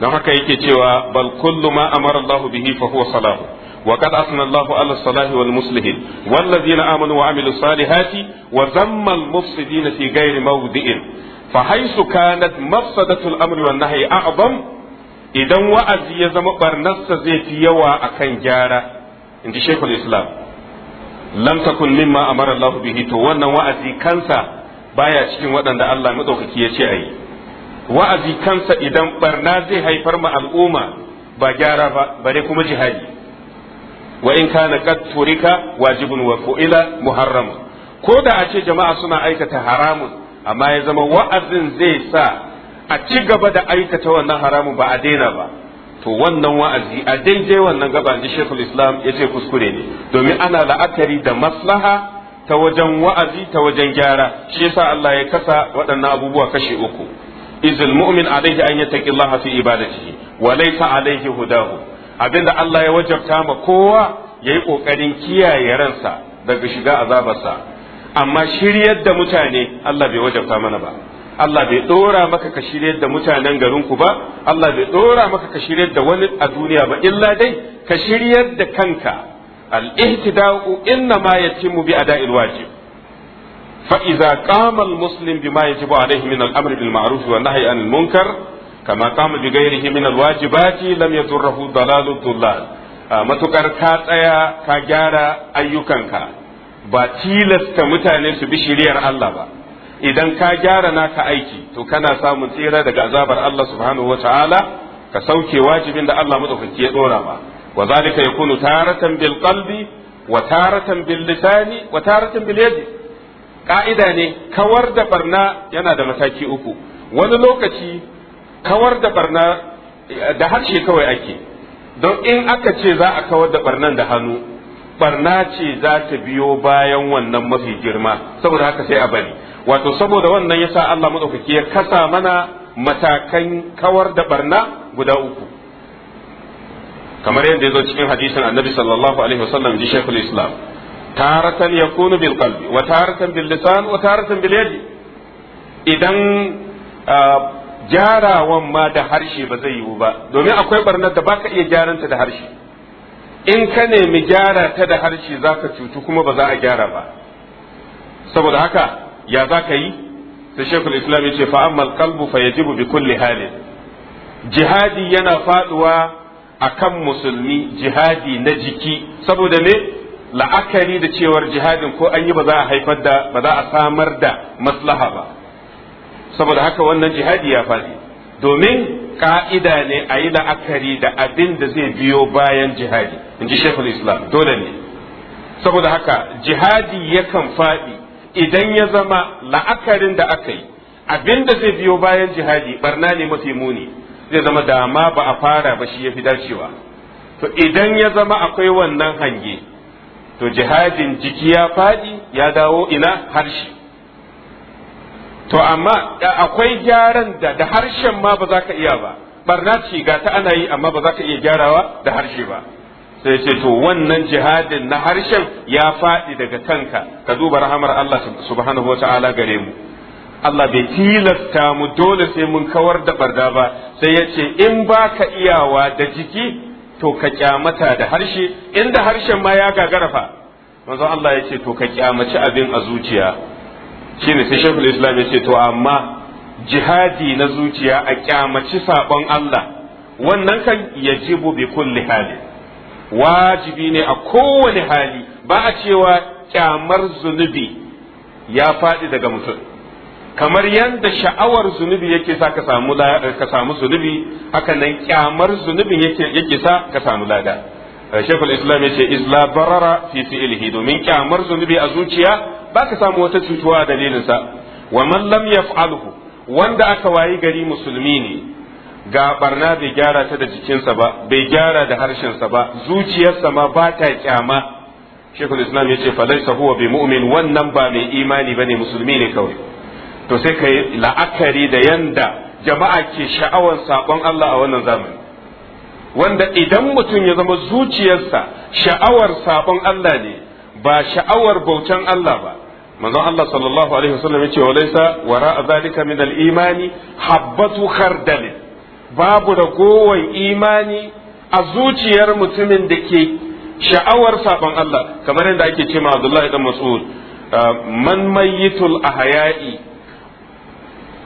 Speaker 1: don haka yake cewa bal kullu ma amara Allahu bihi fa huwa salahu وقد أثنى الله على الصلاح والمصلحين والذين آمنوا وعملوا الصالحات وذم المفسدين في غير موضع فحيث كانت مفسدة الأمر والنهي أعظم إذا وأزي يزم برنس زيت يوا أكن جارة عند شيخ الإسلام لم تكن مما أمر الله به توانا وأزي كنسا baya cikin waɗanda Allah maɗaukaki ya ce a yi wa'azi kansa idan barna zai haifar ma al'umma ba gyara ba bare kuma jihadi wa in kana qad furika wajibun wa fu'ila muharram ko da a ce jama'a suna aikata haramun amma ya zama wa'azin zai sa a ci gaba da aikata wannan haramun ba a daina ba to wannan wa'azi a daidai wannan gaba ji shekul islam ya ce kuskure ne domin ana la'akari da maslaha ta wajen wa'azi ta wajen gyara shi yasa Allah ya kasa waɗannan abubuwa kashe uku izil mu'min alaihi an yattaqi Allah fi ibadatihi wa laysa alaihi hudahu abinda Allah ya wajabta ma kowa yayi ƙoƙarin kiyaye ransa daga shiga azabarsa amma shiryar da mutane Allah bai wajabta mana ba Allah bai ɗora maka ka shiryar da mutanen garinku ba Allah bai ɗora maka ka shiryar da wani a duniya ba illa dai ka shiryar da kanka al-ihtida'u inna ma yatimu bi ada'il wajib fa idza qama al-muslim bima yajibu alayhi min al-amri bil ma'ruf wa nahyi anil munkar kama kama bi gairihi min alwajibati lam yadurruhu dalalud dullal matukar ka tsaya ka gyara ayyukanka ba tilasta mutane su bi shiriyar Allah ba idan ka gyara naka aiki to kana samun tsira daga azabar Allah subhanahu wa ta'ala ka sauke wajibin da Allah madaukaki ya dora ba wa zalika yakunu taratan bil qalbi wa taratan bil lisani wa taratan bil yadi ka'ida ne kawar da barna yana da mataki uku wani lokaci kawar da barna da harshe kawai ake don in aka ce za a kawar da barnan da hannu barna ce za ta biyo bayan wannan mafi girma saboda haka sai a bari wato saboda wannan yasa Allah madaukaki ya kasa mana matakan kawar da barna guda uku kamar yadda ya zo cikin hadisin annabi sallallahu alaihi wasallam ji shekul islam taratan yakunu bil qalbi wa taratan bil lisan wa taratan bil yadi idan ah, gyarawan ma da harshe ba zai yiwu ba domin akwai barnar da baka iya gyaranta da harshe in ka nemi gyara ta da harshe za ka cutu kuma ba za a gyara ba saboda haka ya za ka yi sai shekul islam ya ce fa ammal qalbu fa yajibu bi kulli halin jihadi yana faduwa kan musulmi jihadi na jiki saboda ne la'akari da cewar jihadin ko an yi ba za a haifar da ba za a samar da maslaha ba saboda haka wannan jihadi ya faɗi domin ka'ida ne a yi la'akari da abin da zai biyo bayan jihadi in ji shekul islam dole ne saboda haka jihadi yakan faɗi idan ya zama la'akarin da aka yi abin da zai biyo bayan jihadi barna ne mafi muni zai zama da ba a fara ba shi ya fi dacewa to idan ya zama akwai wannan hange to jihadin jiki ya faɗi ya dawo ina harshe to amma akwai gyaran da da harshen ma ba za ka iya ba barna ce ga ta ana yi amma ba za ka iya gyarawa da harshe ba sai ce to wannan jihadin na harshen ya faɗi daga kanka ka duba rahamar Allah subhanahu ta'ala gare mu Allah bai tilasta mu dole sai mun kawar da barda ba sai ya ce in ba ka iyawa da jiki to ka kyamata da harshe inda harshen ma ya gagarafa manzo Allah ya ce to ka kyamaci abin a zuciya shine sai shafin islam ya ce to amma jihadi na zuciya a kyamaci sabon Allah wannan kan yajibu bi kulli hali wajibi ne a kowane hali ba a cewa kyamar zunubi ya faɗi daga mutum kamar yadda sha'awar zunubi yake sa ka samu ka samu zunubi haka nan kyamar zunubin yake yake sa ka samu lada shekul islam ya ce isla barara fi fi'lihi domin kyamar zunubi a zuciya baka samu wata cutuwa a dalilinsa wa man lam yaf'alhu wanda aka wayi gari musulmi ne ga barna bai gyara ta da jikinsa ba bai gyara da harshensa ba zuciyarsa ma ba ta kyama shekul islam ya ce falaisa huwa bi mu'min wannan ba mai imani bane musulmi ne kawai to sai kai la'akari da yanda jama'a ke sha'awan sabon Allah a wannan zamani wanda idan mutum ya zama zuciyarsa sha'awar sabon Allah ne ba sha'awar bautan Allah ba manzon Allah sallallahu alaihi wasallam yace walaysa wara zalika min al-imani habbatu khardal babu kowai imani a zuciyar mutumin da ke sha'awar sabon Allah kamar yadda ake ce ma Abdullahi dan Mas'ud ah, man mayyitul ahya'i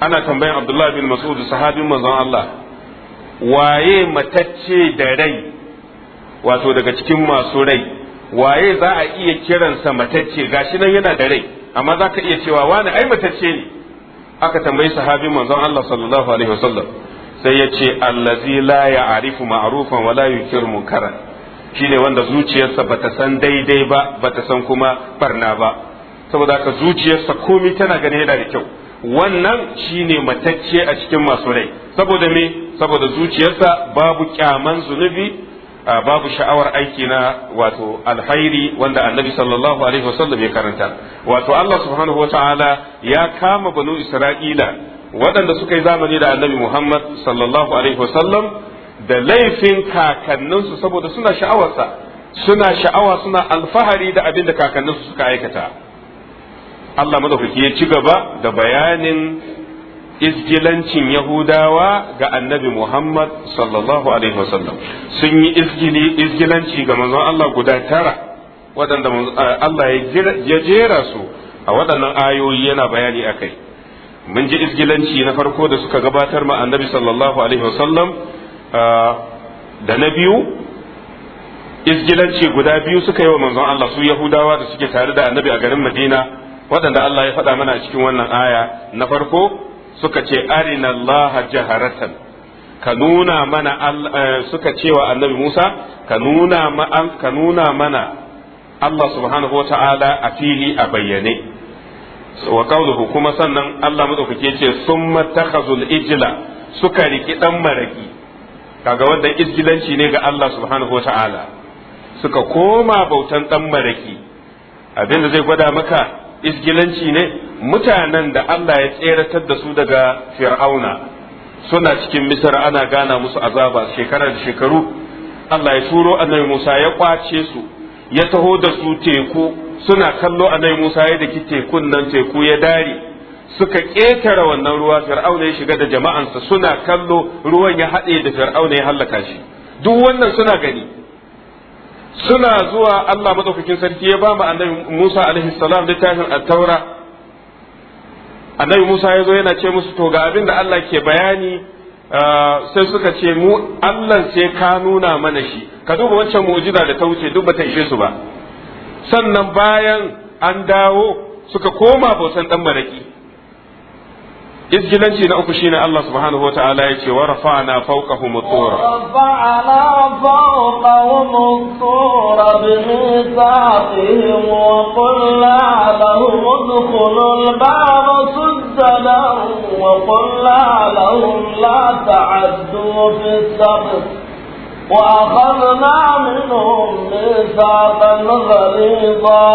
Speaker 1: ana tambayan Abdullahi bin Mas'ud sahabin manzon Allah waye matacce da rai wato daga cikin masu rai waye za a iya kiransa matacce gashi nan yana da rai amma za ka iya cewa wani ai matacce ne aka tambayi sahabi manzon Allah sallallahu alaihi wasallam sai ya ce allazi la ya'rifu ma'rufan wa la yukir munkara shine wanda zuciyarsa bata san daidai ba bata san kuma barna ba saboda haka zuciyarsa komai tana ganin yana da kyau wannan shine matacce a cikin masu rai saboda me saboda zuciyarsa babu kyaman zunubi babu sha'awar aiki na wato alhairi wanda annabi sallallahu alaihi wasallam ya karanta wato Allah subhanahu wataala ya kama banu isra'ila waɗanda suka yi zamani da annabi Muhammad sallallahu alaihi wasallam da laifin kakanninsu saboda suna sha'awarsa suna sha'awa suna alfahari da abin da kakanninsu suka aikata Allah madaukaki ya ci gaba da bayanin izgilancin yahudawa ga annabi muhammad sallallahu alaihi wasallam sun yi izgilanci ga manzon allah guda tara waɗanda allah ya jera su a waɗannan ayoyi yana bayani a kai mun ji izgilanci na farko da suka gabatar ma annabi sallallahu alaihi wasallam da na biyu izgilanci guda biyu suka yi wa manzon Allah su Yahudawa da suke tare da annabi a garin Madina waɗanda Allah ya faɗa mana a cikin wannan aya na farko suka ce arina Allah jaharatan ka nuna mana eh, suka ce wa annabi Musa ka nuna ka nuna mana Allah subhanahu wata'ala a fili a bayyane wa qawluhu kuma sannan Allah madaukake ce summa takhazul ijla suka riki dan maraki kaga wanda izgilanci ne ga Allah subhanahu wata'ala suka koma bautan dan maraki abinda zai gwada maka izgilanci ne mutanen da Allah ya tseratar da su daga fir'auna suna cikin misar ana gana musu azaba shekara da shekaru Allah ya turo annabi Musa ya kwace su ya taho da su teku suna kallo annabi Musa ya daki tekun nan teku ya dare suka ƙetare wannan ruwa fir'auna ya shiga da jama'ansa suna kallo ruwan ya haɗe da fir'auna ya hallaka shi duk wannan suna gani suna zuwa Allah madaukakin sarki ya ba mu annabi Musa alaihi salam littafin at-taura annabi Musa ya zo yana ce musu to ga abin da Allah ke bayani uh, sai suka ce mu Allah sai ka nuna mana shi ka duba wancan mu'jiza da ta wuce duk bata ishe su ba sannan bayan an dawo suka koma bautan dan maraki izgilanci na uku shine Allah subhanahu wataala yake wa rafa'na fawqahum tura
Speaker 2: rafa'na fawqahum tura bi mithaqihim wa qulna lahum udkhulul bab sujjadan wa qulna lahum la ta'addu fi sabt وأخذنا منهم ميثاقا غليظا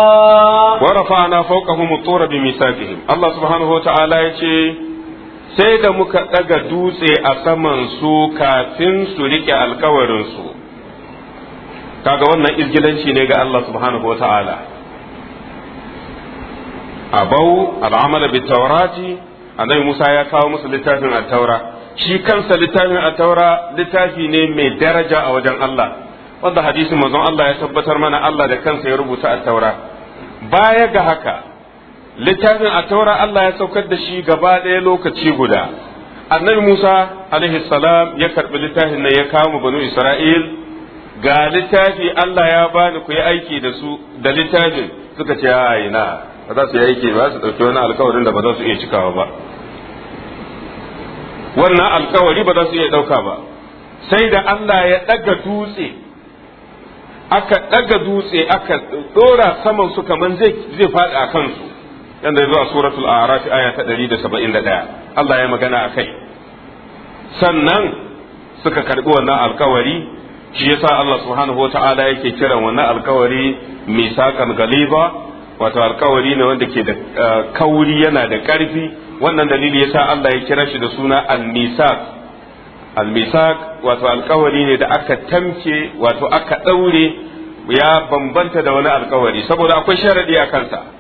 Speaker 1: ورفعنا فوقهم الطور بميثاقهم الله سبحانه وتعالى ce. sai da muka ɗaga dutse a saman su kafin su riƙe alkawarinsu kaga wannan izgilanci ne ga Allah subhanahu wa ta'ala abau al'amala bi taurati annabi Musa ya kawo musu littafin at-taura shi kansa littafin at-taura littafi ne mai daraja a wajen Allah wanda hadisin manzon Allah ya tabbatar mana Allah da kansa ya rubuta at-taura baya ga haka littafin a taura Allah ya saukar da shi gaba ɗaya lokaci guda annabi Musa alaihi salam ya karbi littafin nan ya kama banu Isra'il ga littafi Allah ya bani ku yi aiki da su da littafin suka ce a ina ba za su yi aiki ba su ɗauki wani alkawarin da ba za su iya cikawa ba wannan alkawari ba za su iya ɗauka ba sai da Allah ya ɗaga dutse aka ɗaga dutse aka ɗora saman su kaman zai faɗi a kansu yanda zuwa suratul a'raf aya ta 171 Allah ya magana akai sannan suka karbi wannan alkawari shi yasa Allah subhanahu wata'ala yake kiran wannan alkawari misakan galiba wato alkawari ne wanda ke da eh, kauri yana da karfi wannan dalili yasa Allah ya kira shi da suna al-misaq al-misaq wato alkawari ne da aka tamke wato aka daure ya bambanta da wani alkawari saboda akwai sharadi a kansa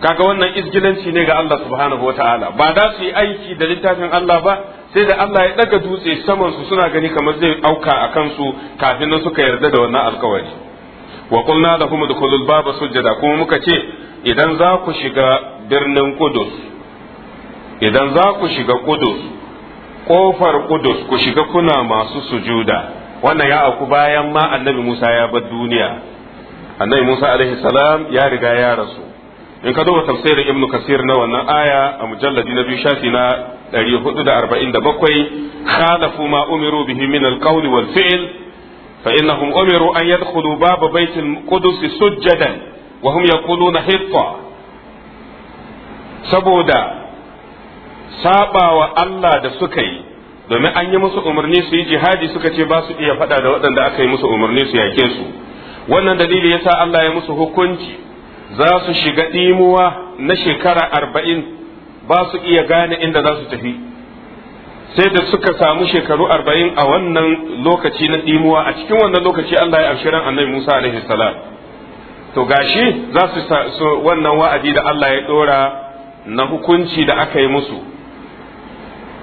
Speaker 1: kaga wannan izgilanci ne ga Allah subhanahu wataala ba za su yi aiki da littafin Allah ba sai da Allah ya daga dutse saman su suna gani kamar zai auka a kansu kafin nan suka yarda da wannan alkawari wa qulna lahum udkhulul baba sujada kuma muka ce idan za ku shiga birnin Qudus idan za ku shiga Qudus kofar Qudus ku shiga kuna masu sujuda wannan ya auku bayan ma annabi Musa ya bar duniya annabi Musa alaihi salam ya riga ya rasu in ka duba tafsirin ibnu kasir na wannan aya a mujalladi na biyu shafi na 447 khalafu ma umiru bihi min alqawli wal fi'l fa innahum umiru an yadkhulu baba bait alqudus sujjadan wa hum yaquluna hitta saboda sabawa Allah da suka yi domin an yi musu umarni su yi jihadi suka ce ba su iya faɗa da waɗanda aka yi musu umarni su yake su wannan dalili yasa Allah ya musu hukunci za su shiga ɗimuwa na shekara arba'in ba su iya gane inda za su tafi sai da suka samu shekaru arba'in a wannan lokaci na ɗimuwa a cikin wannan lokaci Allah ya a annabi Musa alaihi salam to gashi za su wannan wa'adi da Allah ya ɗora na hukunci da aka yi musu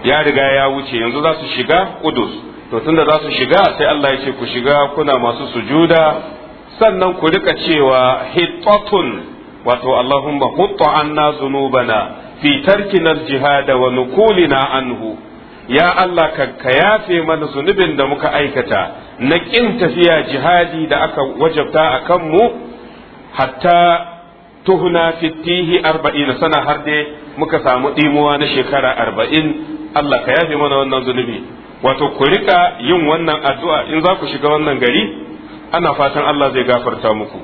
Speaker 1: ya riga ya wuce yanzu za su shiga Qudus to tunda za su shiga sai Allah ya ce ku shiga kuna masu sujuda sannan ku rika cewa hittatun wato Allahumma hutta anna zunubana fi na jihada wa nukulina anhu ya Allah ka yafe mana zunubin da muka aikata na ƙin tafiya jihadi da aka wajabta a mu. hatta tuhuna fitihi arba'in sana har dai muka samu ɗimuwa na shekara arba'in Allah ka yafe mana wannan zunubi wato ku rika yin wannan addu'a in za ku shiga wannan gari ana fatan Allah zai gafarta muku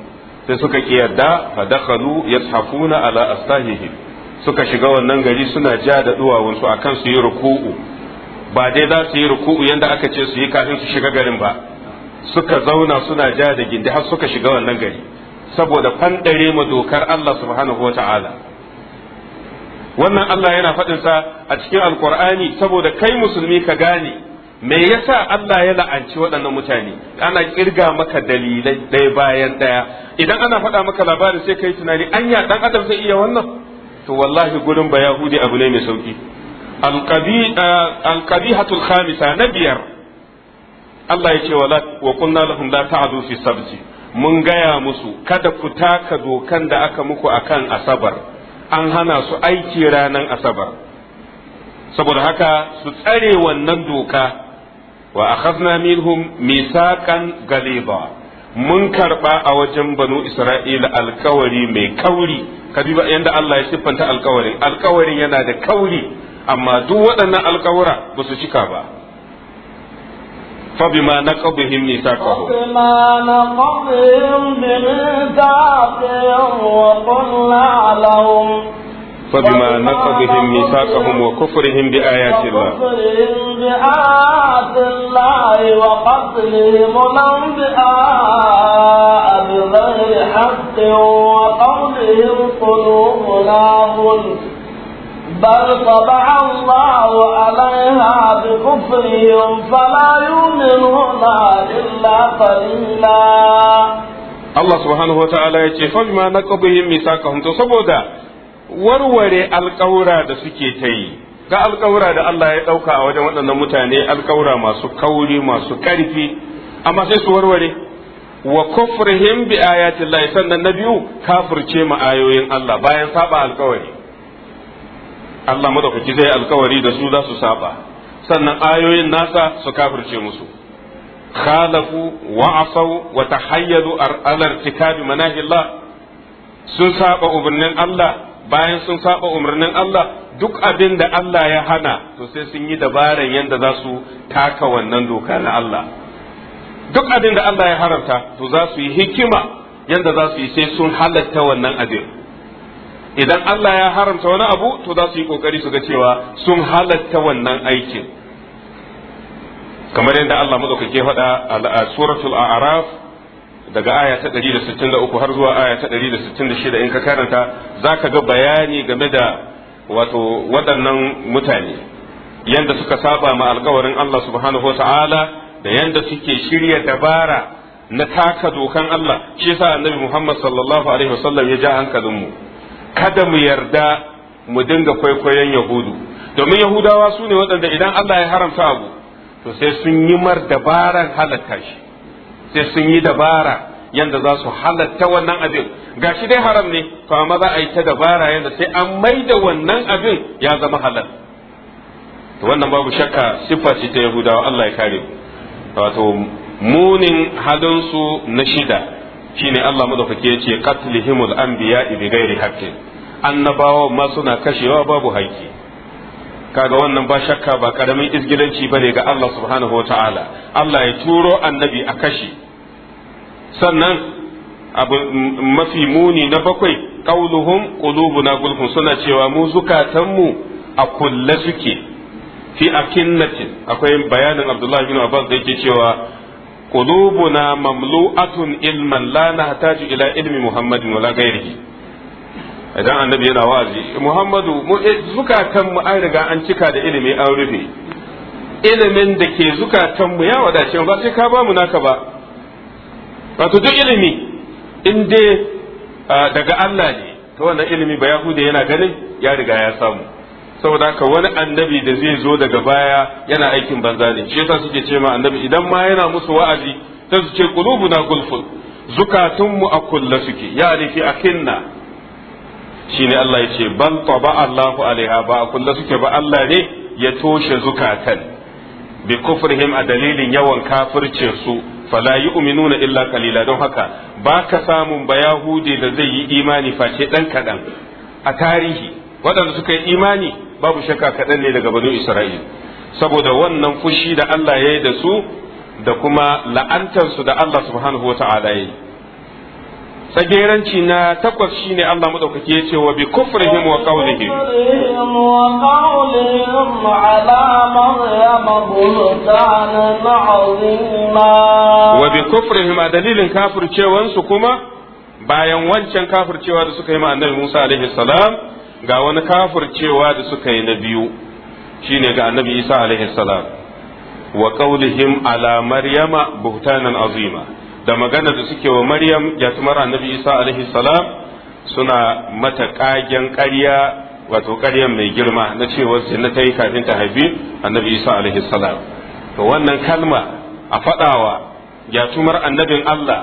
Speaker 1: sai suka ki yarda fa dakhalu yashafuna ala astahihim suka shiga wannan gari suna ja da duwawun su akan su yi ruku'u ba dai za su yi ruku'u yanda aka ce su yi kafin su shiga garin ba suka zauna suna ja da gindi har suka shiga wannan gari saboda fandare ma dokar Allah subhanahu wata'ala wannan Allah yana faɗinsa a cikin alkur'ani saboda kai musulmi ka gane me yasa Allah ya la'anci waɗannan mutane ana kirga maka dalilai ɗaya bayan ɗaya idan ana faɗa maka labarin sai kai tunani anya dan adam zai iya wannan to wallahi gurin ba yahudi abu ne mai sauki eh, alqabihatul khamisa na biyar Allah ya ce wa kunna lahum la ta'du fi sabti mun gaya musu kada ku taka dokan da aka muku akan asabar an hana su aiki ranar asabar saboda haka su tsare wannan doka wa akhadna minhum mithaqan galiba mun karba a wajen banu isra'ila alkawari mai kauri kadiba yanda Allah ya siffanta alkawari, alkawarin yana da kauri amma duk waɗannan alkawura ba su cika ba فبما نقضهم ميثاقهم
Speaker 2: فبما نقضهم
Speaker 1: فبما نقضهم ميثاقهم وكفرهم بآيات الله
Speaker 2: وكفرهم بآيات الله وقتلهم الأنبياء بغير حق وقولهم قلوبنا ظلم بل طبع الله عليها بكفرهم فلا يؤمنون إلا قليلا
Speaker 1: الله سبحانه وتعالى يقول فبما نقضهم ميثاقهم تصبوا warware alƙawura da suke ta yi ga alƙawura da Allah ya ɗauka a wajen waɗannan mutane alƙawura masu kauri masu ƙarfi amma sai su warware wa kufrihim bi ayati Allah sannan na biyu kafirce ma ayoyin Allah bayan saba alƙawari Allah madaukaki zai alƙawari da su za su saba sannan ayoyin nasa su kafirce musu khalafu wa asaw wa tahayyalu ala sun saba ubannin Allah bayan sun saba umarnin Allah duk abin da Allah ya hana to sai sun yi dabaran yadda za su taka wannan doka na Allah duk abin da Allah ya haramta to za su yi hikima yadda za su yi sai sun halatta wannan abin idan Allah ya haramta wani abu to za su yi kokari su ga cewa sun halatta wannan aikin kamar yadda Allah madaukake faɗa a suratul a'raf daga aya ta 163 har zuwa aya ta 166 in ka karanta za ka ga bayani game da wato waɗannan mutane yanda suka saba ma alkawarin Allah subhanahu wata'ala da yanda suke shirya dabara na taka dokan Allah shi yasa annabi Muhammad sallallahu alaihi wasallam ya ja hankalin mu. kada mu yarda mu dinga kwaikwayon yahudu domin yahudawa su ne waɗanda idan Allah ya haramta abu to sai sun yi mar dabaran halatta shi sai sun yi dabara yanda za su halatta wannan abin gashi dai haram ne to amma za a yi ta dabara yanda sai an maida wannan abin ya zama halal to wannan babu shakka siffa ce ta yahudawa Allah ya kare wato munin halinsu na shida shine Allah ya ce qatlihimul anbiya bi ghairi haqqin annabawa ma suna kashewa babu haƙƙi kaga wannan ba shakka ba karamin izgilanci bane ga Allah subhanahu wataala Allah ya turo annabi a kashe sannan abu mafi muni na bakwai qauluhum qulubuna gulfun suna cewa mu zukatanmu a kulle suke fi akinnatin akwai bayanin abdullahi bin abbas da yake cewa qulubuna mamlu'atun ilman la nahtaju ila ilmi muhammadin wala ghairihi idan annabi yana wa'azi muhammadu eh, zukatanmu an riga an cika da ilimi an rufe ilimin da ke zukatanmu ya wadace ba sai ka ba mu naka ba wato duk ilimi in dai daga Allah ne to wannan ilimi ba Yahuda yana ganin ya riga ya samu saboda haka wani annabi da zai zo daga baya yana aikin banza ne shi yasa suke ce ma annabi idan ma yana musu wa'azi ta su ce qulubuna gulfun zukatunmu a kulla suke ya alifi akinna shine Allah ya ce bal taba Allahu alaiha ba a kulla suke ba Allah ne ya toshe zukatan bi kufrihim a dalilin yawan kafircin su fala uminuna illa kalila don haka ba ka samun bayahude da zai yi imani face dan kadan a tarihi waɗanda suka yi imani babu shakka kadan ne daga banu isra'il saboda wannan fushi da Allah ya yi da su da kuma la'antarsu da Allah subhanahu wa ta'ala ya yi tsageranci na takwas shi ne Allah madaukake ya ce wa bi kufrihim wa qawlihim
Speaker 2: wa qawlihim ala maryama bultanan azima wa
Speaker 1: bi kufrihim a dalilin kafircewan su kuma bayan wancan kafircewa da suka yi ma annabi Musa alaihi salam ga wani kafircewa da suka yi na biyu shine ga annabi Isa alaihi salam wa qawlihim ala maryama buhtanan azima da magana da suke wa maryam yatumar annabi isa alaihi salam suna mata kagen ƙarya wato ƙaryan mai girma na cewar zina ta yi kafin ta haifi annabi isa alaihi salam to wannan kalma a faɗawa yatumar annabin allah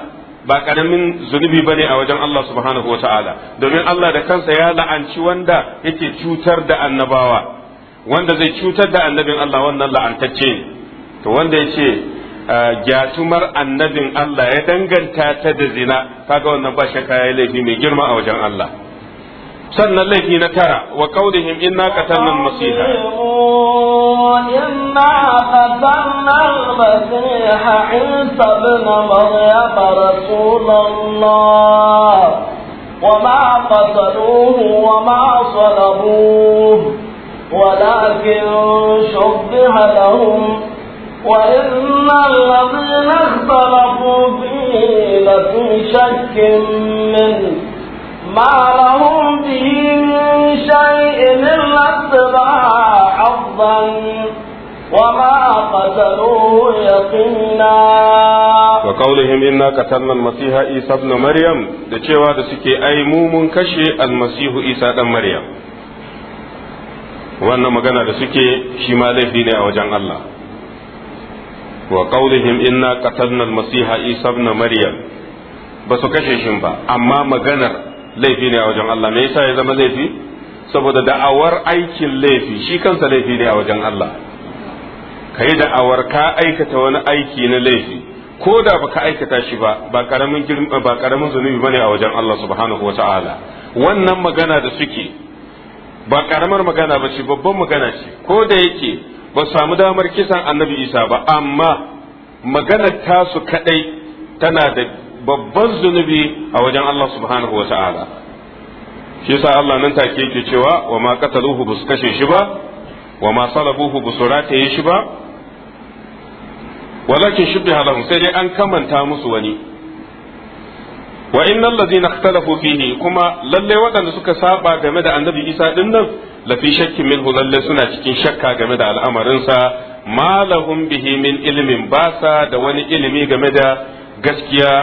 Speaker 1: ba karamin zunubi ba ne a wajen Allah subhanahu wa ta'ala domin Allah da kansa ya la'anci wanda yake cutar da annabawa wanda zai cutar da annabin Allah wannan la'antacce to wanda ya ce jatumar annabin Allah ya danganta ta da zina kaga wannan ba shakka yayi laifi mai girma a wajen Allah sannan laifi na tara wa qaulihim inna qatalna al-masiha
Speaker 2: inna qatalna al-masiha isa ibn maryam rasulullah وما قتلوه وما صلبوه ولكن شبه لهم وإن الذين اختلفوا فيه لفي شك منه ما لهم به من شيء إلا اتباع الظن وما قتلوه يقينا
Speaker 1: وقولهم إنا قتلنا المسيح عيسى ابن مريم da cewa da suke ai mu mun kashe almasihu isa dan maryam wannan magana da suke shi ma laifi ne a wajen Allah wa qaulihim inna qatalna al-masiha isa ibn maryam ba su kashe shi ba amma maganar laifi ne a wajen Allah me yasa ya zama laifi saboda da'awar aikin laifi shi kansa laifi ne a wajen Allah kai da'awar ka aikata wani aiki na laifi ko da baka aikata shi ba ba karamin ba karamin zunubi bane a wajen Allah subhanahu wata'ala wannan magana da suke ba karamar magana ba ce babban magana ce ko da yake ba su samu damar kisan annabi isa ba amma maganar tasu kadai tana da babban zunubi a wajen Allah subhanahu wa ta'ala shi yasa Allah nan take yake cewa wa ma qataluhu bus kashe shi ba wa ma salabuhu bus rataye shi ba walakin shubbiha lahum sai dai an kamanta musu wani wa innal ladina ikhtalafu fihi kuma lalle waɗanda suka saba game da annabi isa din nan lafi shakkin minhu lalle suna cikin shakka game da al'amarinsa malamin lahum bihi min ilmin basa da wani ilimi game da gaskiya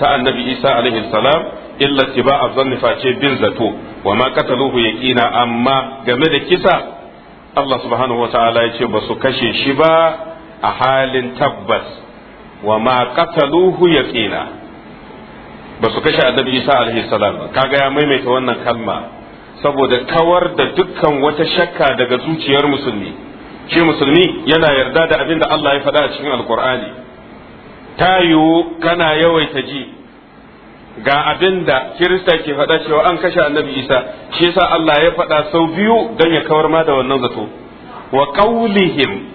Speaker 1: ta annabi isa alaihi salam illa tiba azzanni face bin zato wa ma qataluhu yaqina amma game da kisa Allah subhanahu wataala ya ce ba su kashe shi ba a halin tabbas wa ma qataluhu yaqina ba su kashe annabi isa alaihi salam kaga ya maimaita wannan kalma saboda kawar da dukkan wata shakka daga zuciyar musulmi shi musulmi yana yarda da abin da Allah ya faɗa a cikin alkur'ani ta yiwu kana yawaita ji ga abin da kirista ke faɗa cewa an kashe annabi isa shi yasa Allah ya faɗa sau biyu don ya kawar ma da wannan zato wa qaulihim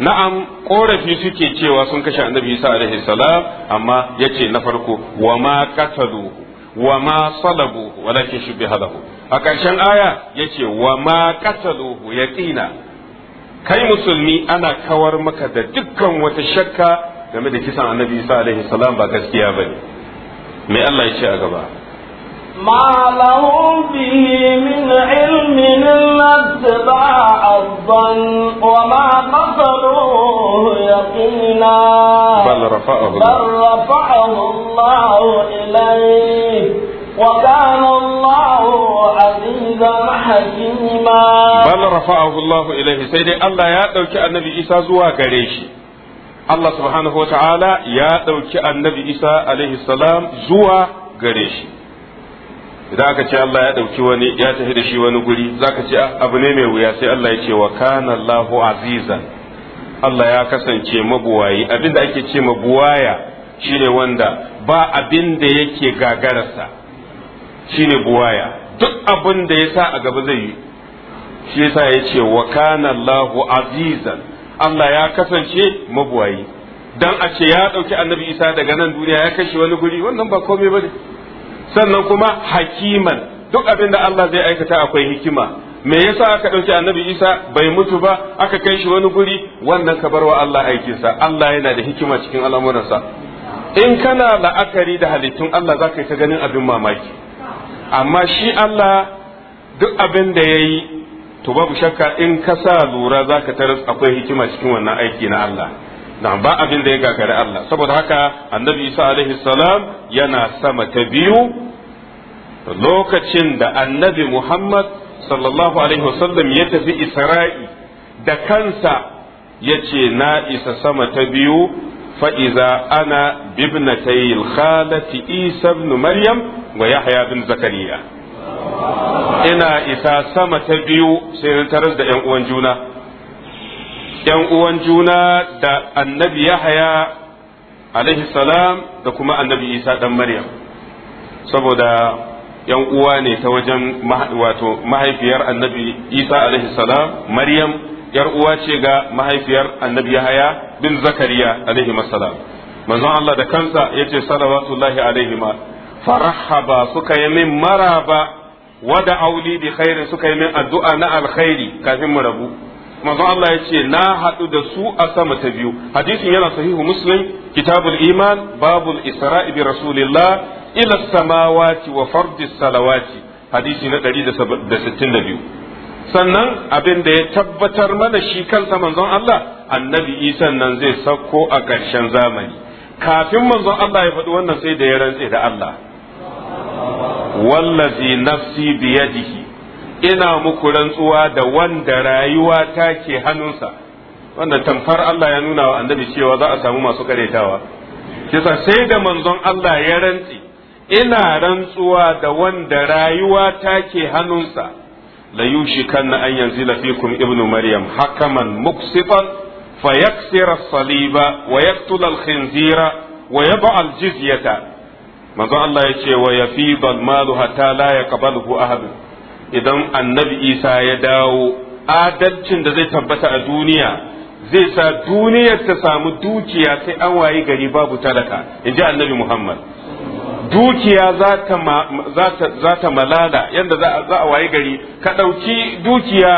Speaker 1: na'am korafi suke cewa sun kashe annabi isa alaihi salam amma yace na farko wa ma qatalu wa ma salabuhu walakin bi lahu a ƙarshen aya yace wa ma qatalu yaqina kai musulmi ana kawar maka da dukkan wata shakka game da kisan annabi isa alaihi salam ba gaskiya bane me Allah ya ce a gaba
Speaker 2: ما لهم به من علم إلا اتباع الظن وما قتلوه يقينا بل رفعه بل رفعه الله إليه وكان الله عزيزا حكيما بل
Speaker 1: رفعه الله إليه سيدي الله يا دوكي النبي إيسى زوا غريشي Allah subhanahu wa ta'ala ya ɗauki annabi Isa alaihi salam zuwa gare shi. idan aka ce Allah ya ɗauki wani ya tafi da shi wani guri zaka ce abu ne mai wuya sai Allah ya ce wa kana Allahu azizan Allah ya kasance mabuwayi abinda ake ce mabuwaya shine wanda ba abin da yake gagararsa shine buwaya duk abinda da ya sa a gaba zai yi shi yasa ya ce wa kana Allahu azizan Allah ya kasance mabuwayi dan a ce ya ɗauki annabi Isa daga nan duniya ya kashe wani guri wannan ba komai bane sannan kuma hakiman duk abin da Allah zai aikata akwai hikima me yasa aka ɗauki annabi Isa bai mutu ba aka kai shi wani guri wannan ka barwa Allah aikinsa Allah yana da hikima cikin al'amuransa in kana la'akari da halittun Allah za ka yi ta ganin abin mamaki amma shi Allah duk abin da ya yi to babu shakka in ka sa lura za ka taras akwai hikima cikin wannan aiki na Allah na ba abin da ya gagari Allah saboda haka annabi Isa alaihi salam yana sama ta biyu lokacin da annabi Muhammad sallallahu alaihi wasallam ya tafi Isra'i da kansa ya ce na isa sama ta biyu fa'iza ana bibnatai khalati Isa ibn Maryam wa Yahya bin Zakariya ina isa sama ta biyu sai taras da ‘yan uwan juna’ ‘yan uwan juna da annabi Yahaya alaihi salam da kuma annabi Isa ɗan Maryam, saboda ‘yan uwa ne ta wajen wato mahaifiyar annabi Isa alaihi salam Maryam ‘yar uwa ce ga mahaifiyar annabi Yahaya bin Zakariya alaihi salam. Manzon Allah da kansa ya ce salawatullahi alaihi ma, farahaba suka yi min maraba wada auli bi khairin suka yi min addu'a na alkhairi kafin mu rabu. manzon Allah ya ce na haɗu da su a sama ta biyu hadisin yana sahihu muslim kitabul iman babul isra'i bi rasulillah ila samawati wa fardi salawati hadisi na 162 sannan abin da ya tabbatar mana shi kansa manzon Allah annabi Isa nan zai sauko a ƙarshen zamani kafin manzon Allah ya faɗi wannan sai da ya rantse da Allah wallazi nafsi biyadihi ina muku rantsuwa da wanda rayuwa ta ke hannunsa wannan tamfar Allah ya nuna wa annabi cewa za a samu masu karetawa kisa sai da manzon Allah ya rantsi ina rantsuwa da wanda rayuwa ta ke hannunsa la na an yanzu lafikun ibnu maryam hakaman Muksifal, fayaksira saliba wa yaqtula al-khinzira wa Yaba al-jizyata manzon Allah ya ce wa yafidal malu hatta la yaqbaluhu ahadun idan annabi isa ya dawo adalcin da zai tabbata a duniya zai sa duniyar ta samu dukiya sai an wayi gari babu talaka in ji annabi muhammad dukiya za ta malala yadda za a wayi gari ka ɗauki dukiya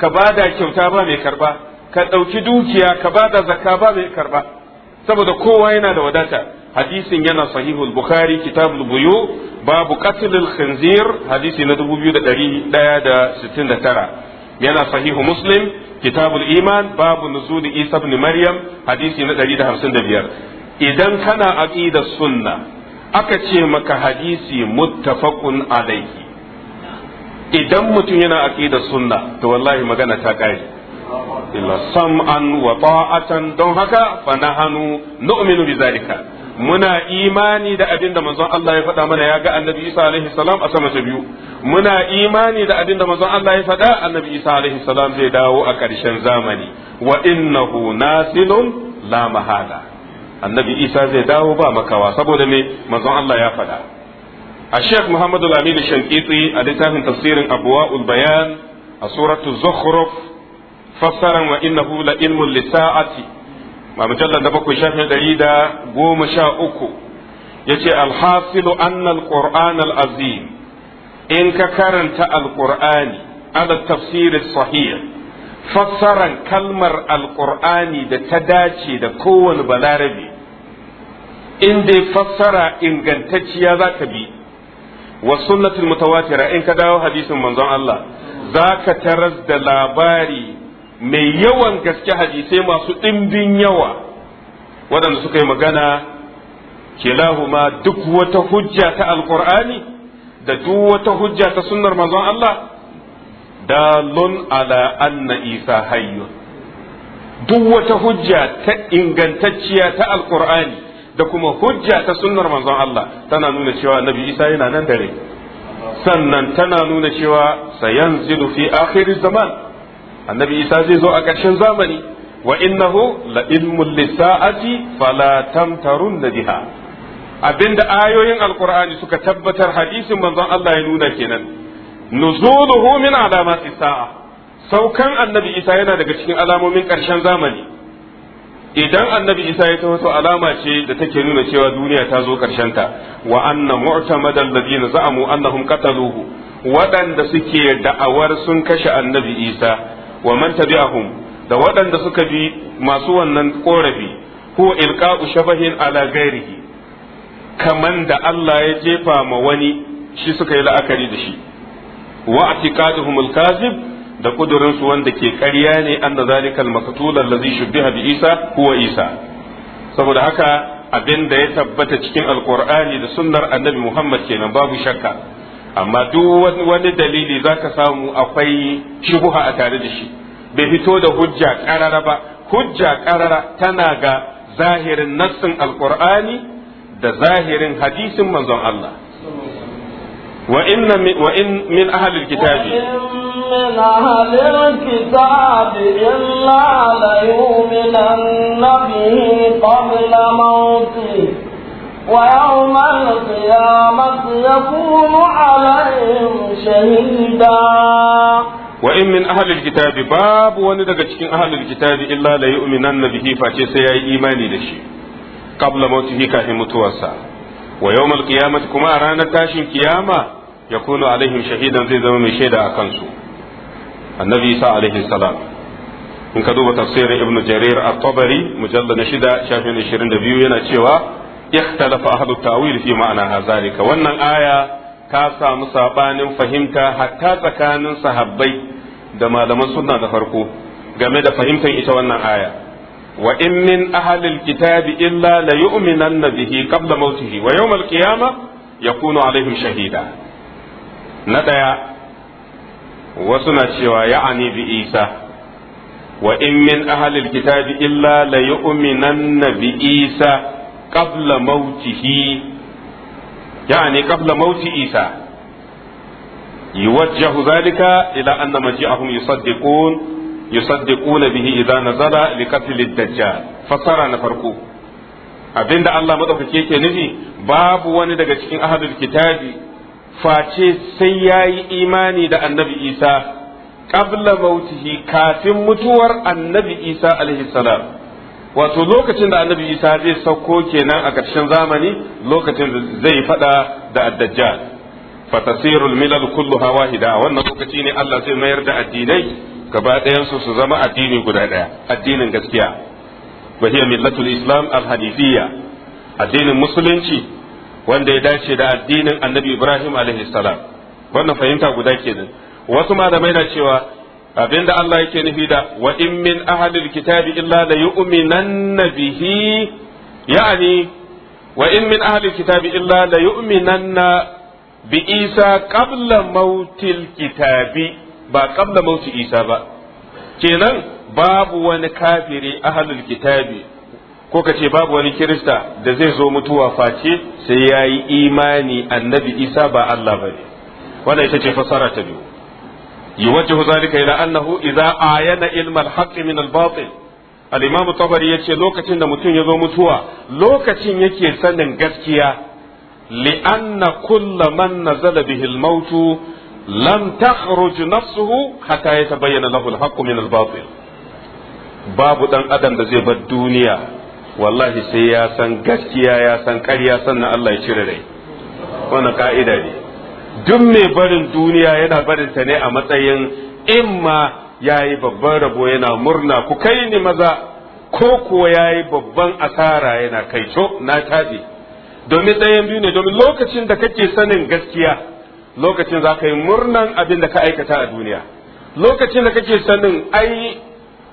Speaker 1: ka bada kyauta ba mai karba ka ɗauki dukiya ka bada zakka ba mai karba saboda kowa yana da wadata hadisin yana sahihul bukhari kitabul buyu babu qatlul khinzir hadisi na 2169 yana sahihu muslim kitabul iman babu nuzul isa ibn maryam hadisi na 155 idan kana aqidar sunna aka ce maka hadisi muttafaqun alayhi idan mutum yana aqidar sunna to wallahi magana ta kare illa sam'an wa ta'atan don haka fa nahanu nu'minu bi zalika muna imani da abin da manzon Allah ya faɗa mana ya ga annabi Isa alaihi salam a sama ta biyu muna imani da abin da manzon Allah ya faɗa annabi Isa alaihi salam zai dawo a ƙarshen zamani wa innahu nasilun la mahala annabi Isa zai dawo ba makawa saboda me manzon Allah ya faɗa a Sheikh Muhammad Al-Amin Shankiti a littafin tafsirin Abwaul Bayan a suratul Zukhruf fassaran wa innahu la ilmun lisa'ati Mamujalla na da bakwai shafin ɗari da goma sha uku ya ce alhasilu annal qur'an azim in ka karanta alqur'ani ala tafsirin sahih fassaran kalmar alqur'ani da ta dace da kowane balarabe in dai fassara ingantacciya za ka bi wa sunnatul mutawatira in ka dawo hadisin manzon Allah za ka taras da labari mai yawan gaske hadisai masu ɗimbin yawa waɗanda suka yi magana kilahuma duk wata hujja ta alkur'ani da duk wata hujja ta sunnar manzon Allah dalun ala anna isa hayyun duk wata hujja ta ingantacciya ta alkur'ani da kuma hujja ta sunnar manzon Allah tana nuna cewa bi isa yana nan dare sannan tana nuna cewa sayan fi akhir zaman annabi isa zai zo a ƙarshen zamani wa innahu la ilmul lisaati fala tamtarun biha abinda ayoyin alqur'ani suka tabbatar hadisin manzon Allah ya nuna kenan nuzuluhu min alamati sa'a saukan annabi isa yana daga cikin alamomin ƙarshen zamani idan annabi isa ya taho alama ce da take nuna cewa duniya ta zo ta wa anna mu'tamadal ladina za'amu annahum qataluhu waɗanda suke da'awar sun kashe annabi isa wa man tabi'ahum da waɗanda suka bi masu wannan korafi ko ilqa'u shabahin ala ghairihi kaman da Allah ya jefa ma wani shi suka yi la'akari da shi wa atiqaduhum al da kudurin su wanda ke ƙarya ne anna zalikal maqtul allazi shubbiha bi Isa huwa Isa saboda haka abin da ya tabbata cikin alqur'ani da sunnar annabi Muhammad kenan babu shakka amma duk wani dalili za ka samu akwai shubuha a tare da shi bai fito da hujja karara ba hujja karara tana ga zahirin nassin Alƙur'ani da zahirin hadisin manzon Allah wa inna wa in min ahli kitabi
Speaker 2: من أهل الكتاب إلا ليؤمنن به قبل موته ويوم القيامة يكون عليهم شهيدا
Speaker 1: وإن من أهل الكتاب باب وندق cikin أهل الكتاب إلا ليؤمنن به face sai ya yi imani da shi Kabla mautihi kafin mutuwarsa wa yawmal qiyamati kuma a ranar tashin kiyama ya alaihim shahidan zai zama mai shaida a kansu annabi isa alaihi salam in ka duba tafsirin ibnu jarir at-tabari mujallad na shida shafin 22 yana cewa ikhtalafa ahlu tawil fi ma'ana zalika wannan aya ta samu saɓanin fahimta hatta tsakanin sahabbai da malaman suna da farko game da fahimtar ita wannan aya wa in min ahlil kitabi illa la yu'minanna bihi qabla mautihi wa yawm al-qiyama yakunu alaihim shahida na daya wasu na cewa ya'ani bi isa wa in min ahlil kitabi illa la yu'minanna bi isa qabla mautihi yani qabla mauti isa yuwajjahu zalika ila anna maji'ahum yusaddiqun yusaddiquna bihi idza nazala liqatl ad-dajjal fasara na farko abinda Allah madaukake ke nufi babu wani daga cikin ahadul kitabi face sai yayi imani da annabi Isa ƙabla mautihi kafin mutuwar annabi Isa alaihi salam wato lokacin da annabi isa zai sauko kenan a ƙarshen zamani lokacin zai faɗa da addajjal fatasiru milal hawa, hida. wannan lokaci ne Allah zai mayar da addinai gaba ɗayan su zama addini guda ɗaya addinin gaskiya wa hiya millatul islam al hanifiyya addinin musulunci wanda ya dace da addinin annabi ibrahim alaihi salam fahimta guda kenan wasu malamai na cewa abinda Allah yake nufi da wa in min ahlil kitabi illa la yu'minanna bihi ya'ni wa in min ahlil kitabi illa la yu'minanna bi Isa qabla mautil kitabi ba qabla mauti Isa ba kenan babu wani kafiri ahlul kitabi ko ka ce babu wani kirista da zai zo mutuwa face sai yayi imani annabi Isa ba Allah bane wannan ita ce fasara ta biyu yuwajjihu zalika ila annahu idza ayana ilmal haqq min al batil al imam tabari yace lokacin da mutum ya zo mutuwa lokacin yake sanin gaskiya li anna kulla man nazala bihi al mautu lam takhruj nafsuhu hatta yatabayyana lahu al haqq min al batil babu dan adam da zai bar duniya wallahi sai ya san gaskiya ya san ƙarya sannan Allah ya cire rai wannan ka'ida ne duk mai barin duniya yana barin ta ne a matsayin imma yayi babban rabo yana murna ku kai ni maza ko kuwa yayi babban asara yana kai to na tabi domin ɗayan biyu ne domin lokacin da kake sanin gaskiya lokacin za ka yi murnan abin da ka aikata a duniya lokacin da kake sanin ai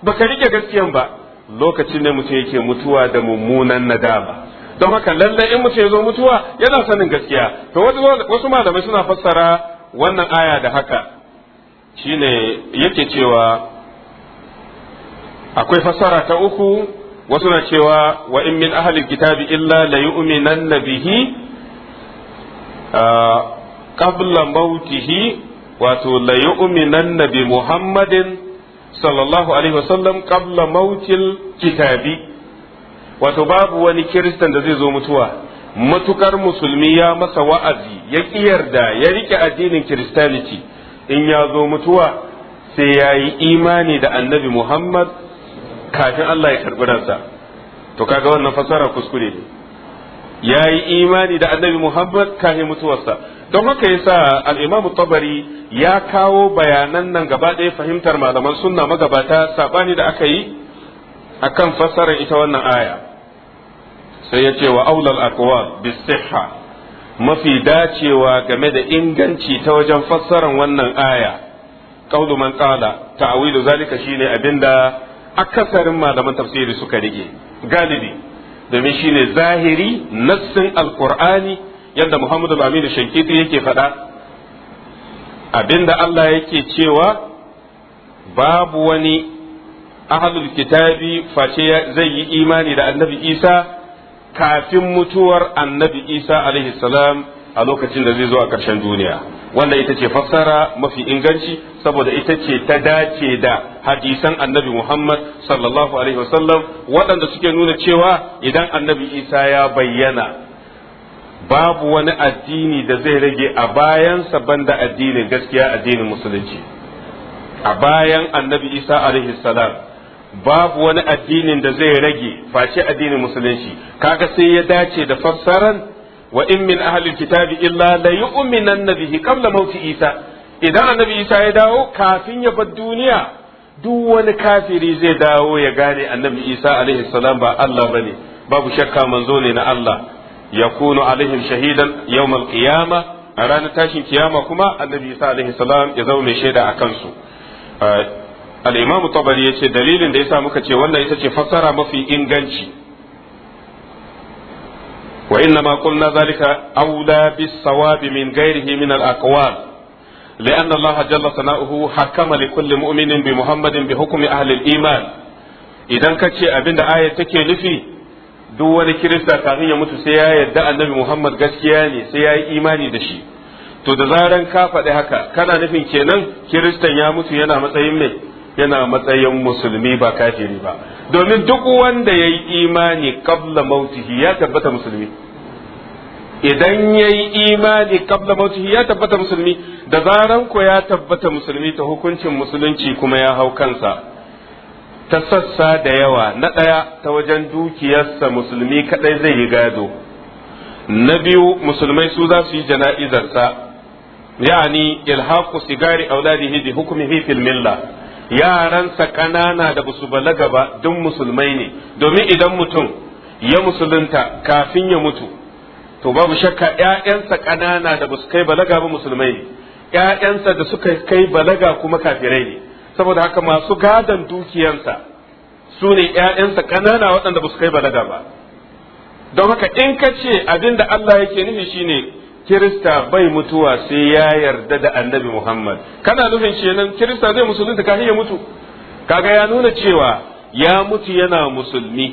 Speaker 1: baka rike gaskiyan ba lokacin ne mutum yake mutuwa da mummunan nadama don haka lalle in mutum ya zo mutuwa yana sanin gaskiya to wasu malamai suna fassara wannan aya da haka shine yake cewa akwai fassara ta uku wasu na cewa wa in min ahli kitabi illa la yu'minanna bihi qabla mautihi wato la yu'minanna bi muhammadin sallallahu alaihi wasallam qabla mautil kitabi wato babu wani kiristan da zai zo mutuwa matukar musulmi ya masa wa'azi ya yarda ya rike addinin kiristaniti in ya zo mutuwa sai ya yi imani da annabi muhammad kafin allah ya karɓi ransa to kaga wannan fasara kuskure ne ya yi imani da annabi muhammad kafin mutuwarsa don haka yasa al-imam tabari ya kawo bayanan nan gaba ɗaya fahimtar malaman sunna magabata sabani da aka yi akan fassarar ita wannan aya sai ya ce wa aulal aqwal siha mafi dacewa game da inganci ta wajen fassarar wannan aya qaulu man qala ta'wilu zalika shine abinda akasarin malaman tafsiri suka rige galibi domin shine zahiri nassin alqur'ani yadda Muhammadu aminu amin Shankiti yake faɗa abinda Allah yake cewa babu wani ahlul kitabi face zai yi imani da annabi Isa kafin mutuwar annabi isa alaihi salam a lokacin da zai zo a ƙarshen duniya wanda ita ce fassara mafi inganci saboda ita ce ta dace da hadisan annabi muhammad sallallahu alaihi wasallam waɗanda suke nuna cewa idan annabi isa ya bayyana babu wani addini da zai rage a bayansa banda addinin gaskiya addinin musulunci a bayan annabi isa alaihi salam babu wani addinin da zai rage face addinin musulunci kaga sai ya dace da fassaran wa in min ahlil kitabi illa la yu'minanna bihi qabla mauti isa idan annabi isa ya dawo kafin ya bar duniya duk wani kafiri zai dawo ya gane annabi isa alaihi salam ba Allah bane babu shakka manzo ne na Allah yakunu alaihim shahidan yawmal qiyamah a ranar tashin kiyama kuma annabi isa alaihi salam ya zaune shaida a kansu eh, al-imam ya ce dalilin da yasa muka ce wannan ita ce fassara mafi inganci wa inna ma qulna zalika awla bis-sawab min ghairihi min al-aqwal لأن الله جل ثناؤه حكم لكل bi بمحمد بحكم iman. Idan إذا كتش أبن آية take nufi duk wani kirista kafin ya mutu sai ya yarda annabi Muhammad gaskiya ne sai ya yi imani da shi to da zaran ka faɗi haka kana nufin kenan kiristan ya mutu yana matsayin mai yana matsayin musulmi ba kafiri ba domin duk wanda ya yi imani kabla mautihi ya tabbata musulmi idan ya yi imani kabla mautihi ya tabbata musulmi da zaran ko ya tabbata musulmi ta hukuncin musulunci kuma ya hau kansa ta sassa da yawa na ɗaya ta wajen dukiyarsa musulmi kaɗai zai yi gado na biyu musulmai su za su yi jana'izarsa yani ilhaku sigari auladihi bi hukmihi fil milla yaransa ƙanana da basu balaga ba duk musulmai ne domin idan mutum ya musulunta kafin ya mutu to babu shakka ƴaƴansa ƙanana da basu kai balaga ba musulmai ne ƴaƴansa da suka kai balaga kuma kafirai ne saboda haka masu gadon dukiyansa su ne ƴaƴansa ƙanana waɗanda basu kai balaga ba don haka in ka ce abinda Allah yake nufi shine kirista bai mutuwa sai ya yarda da annabi Muhammad kana nufin kenan kirista zai musulunta kafin ya mutu kaga ya nuna cewa ya mutu yana musulmi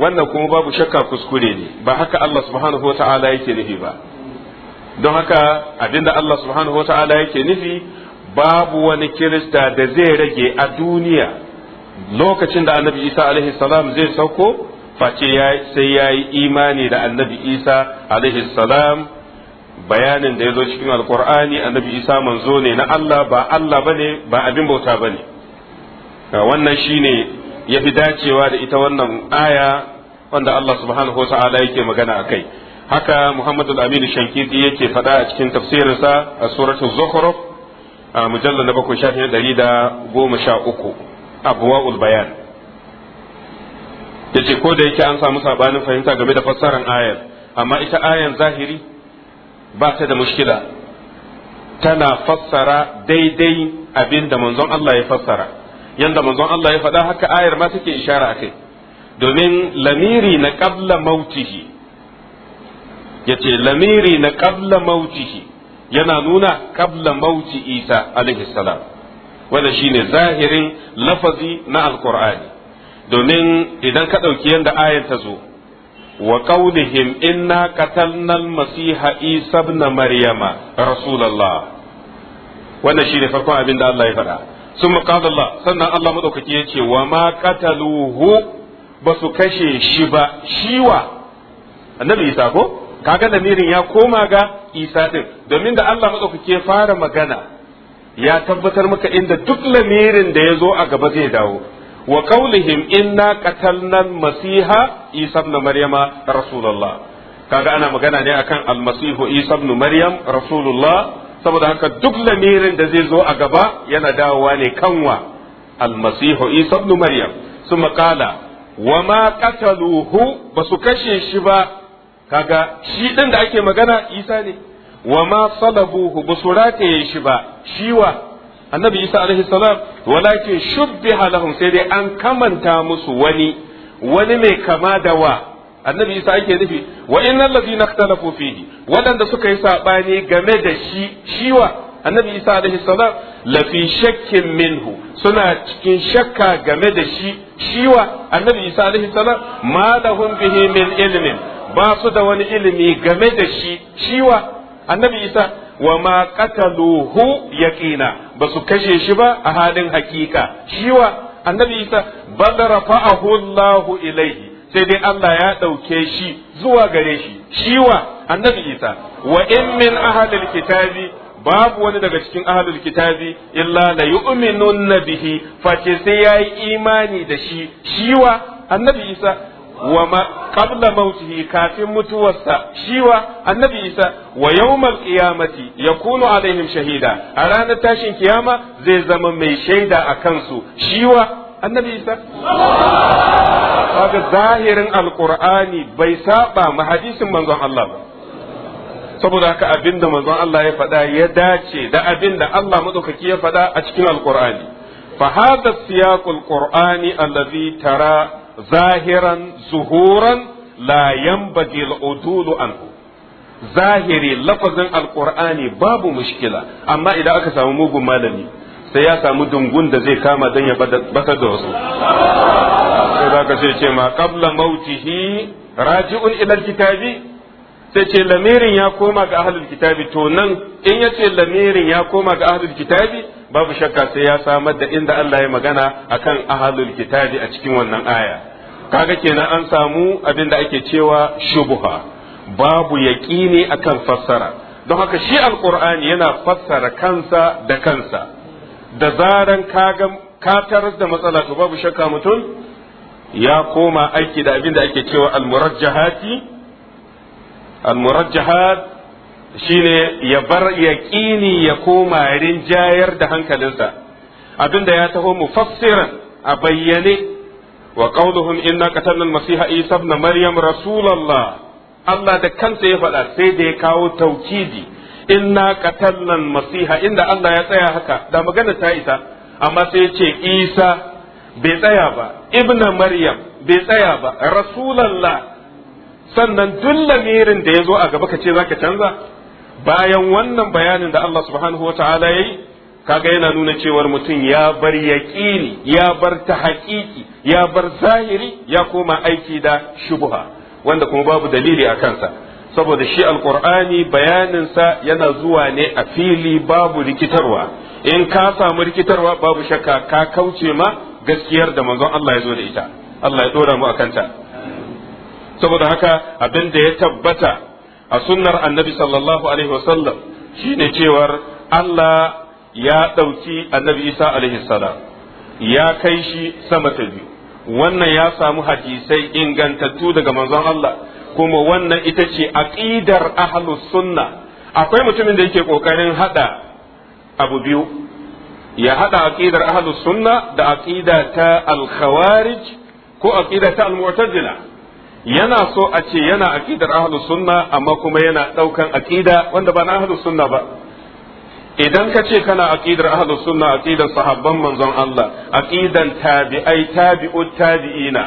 Speaker 1: wannan kuma babu shakka kuskure ne ba haka Allah subhanahu ta'ala yake nufi ba don haka abinda Allah subhanahu ta'ala yake nufi babu wani kirista da zai rage a duniya lokacin da annabi Isa alaihi salam zai sauko face sai ya yi imani da annabi Isa alaihi salam bayanin da ya zo cikin alkur'ani annabi isa manzo ne na Allah ba Allah bane ba abin bauta bane wannan shi ne ya fi dacewa da ita wannan aya wanda Allah subhanahu wa ta'ala yake magana a kai. haka Muhammadu aminu shankiti Shankidi yake faɗa a cikin tafsirinsa a suratul Zukhruf a mujallar na bakwai fiye ɗari da goma sha uku abuwa'ul bayan ce ko da yake an samu sabanin fahimta game da fassarar ayar amma ita ayan zahiri ba ta da mushkila tana fassara daidai abin da manzon Allah ya fassara yanda manzon Allah ya faɗa haka ayar ma take ishara akai domin lamiri na qabla mautihi yace lamiri na qabla mautihi yana nuna qabla mauti Isa alaihi salam wanda shine zahirin lafazi na alqur'ani domin idan ka ɗauki yanda ayar ta zo wa qaulihim inna qatalna al-masiha isa ibn maryama rasulullah wannan ne farkon abin da Allah ya faɗa sun qala Allah sannan Allah madaukaki yace wa ma qataluhu basu kashe shi ba shiwa annabi isa ko kaga mirin ya koma ga isa din domin da Allah madaukaki ya fara magana ya tabbatar maka inda duk lamirin da ya zo a gaba zai dawo wa qaulihim inna qatalna masiha isa ibn maryama rasulullah kaga ana magana ne akan almasihu isa ibn maryam rasulullah saboda haka duk lamirin da zai zo a gaba yana dawowa ne kanwa almasihu isa ibn maryam suma qala wa ma qataluhu basu kashe shi ba kaga shi din da ake magana isa ne wa ma salabuhu su rataye shi ba wa. annabi isa alaihi salam walakin shubbiha lahum sai dai an kamanta musu wani wani mai kama da wa annabi isa ake nufi wa innal ladina ikhtalafu fihi wadanda suka yi sabani game da shi shiwa annabi isa alaihi salam lafi shakkin minhu suna cikin shakka game da shi shiwa annabi isa alaihi salam ma lahum bihi min ilmin ba su da wani ilimi game da shi shiwa annabi isa wa ma qataluhu yaqina ba su kashe shi ba a halin hakika shiwa annabi isa badara fa'ahu Allahu ilaihi sai dai Allah ya ɗauke shi zuwa gare shi shiwa annabi isa wa in min ahlil kitabi babu wani daga cikin ahlul kitabi illa la yu'minun bihi face sai yayi imani da shi shiwa annabi isa wa qabla mautihi kafin mutuwarsa shiwa annabi isa wa yawmal qiyamati yakunu alaihim shahida a ranar tashin kiyama zai zama mai shaida a kansu shiwa annabi isa kaga zahirin alqur'ani bai saba ma hadisin manzon Allah ba saboda haka abinda manzon Allah ya faɗa ya dace da abinda Allah madaukaki ya faɗa a cikin alqur'ani fa hadha siyaqul qur'ani allazi tara zahiran zuhuran la yanbaghi al-udulu anhu zahiri lafazin alƙur'ani babu mushkila amma idan aka samu mugun malami sai ya samu dungun da zai kama dan ya batar da wasu sai zaka sai ce ma qabla mautihi raji'un ila al-kitabi sai ce lamirin ya koma ga ahlul kitabi to nan in ya ce lamirin ya koma ga ahlul kitabi babu shakka sai ya samar da inda Allah ya magana akan ahlul kitabi a cikin wannan aya kaga kenan an samu abin da ake cewa shubuha babu yaqini akan fassara don haka shi alqur'ani yana fassara kansa da kansa da zaran kaga ka tarar da matsala to babu shakka mutum ya koma aiki da abin da ake cewa almurajjahati al shine ya bar yaqini ya koma rinjayar da hankalinsa abinda ya taho mufassiran a bayyane wa qauluhum inna qatalna al-masiha isa ibn maryam rasulullah Allah da kansa ya faɗa sai da ya kawo taukidi inna qatalna al-masiha inda Allah ya tsaya haka da magana ta isa amma sai ya ce isa bai tsaya ba ibn maryam bai tsaya ba rasulullah sannan duk lamirin da ya zo a gaba ka ce zaka canza bayan wannan bayanin da Allah subhanahu wataala yayi kaga yana nuna cewar mutum ya bar yaqini ya bar ta haƙiƙi ya bar zahiri ya koma aiki da shubha wanda kuma babu dalili a kansa saboda shi alqur'ani sa yana zuwa ne a fili babu rikitarwa in ka samu rikitarwa babu shakka ka kauce ma gaskiyar da manzon Allah ya zo da ita Allah ya dora mu a kanta. saboda haka abin da ya tabbata a sunnar annabi sallallahu alaihi wasallam shine cewar Allah ya ɗauki annabi Isa alaihi salam ya kai shi sama ta biyu wannan ya samu hadisai ingantattu daga manzon Allah kuma wannan ita ce aqidar ahlus sunna akwai mutumin da yake kokarin hada abu biyu ya hada aqidar ahlus sunna da aqida ta al-khawarij ko aqida ta al-mu'tazila yana so a ce yana aqidar ahlus sunna amma kuma yana daukan aqida wanda ba na ahlus sunna ba idan ka ce kana aqidar ahlus sunna aqidar sahabban manzon Allah aqidan tabi'ai tabi'ut tabi'ina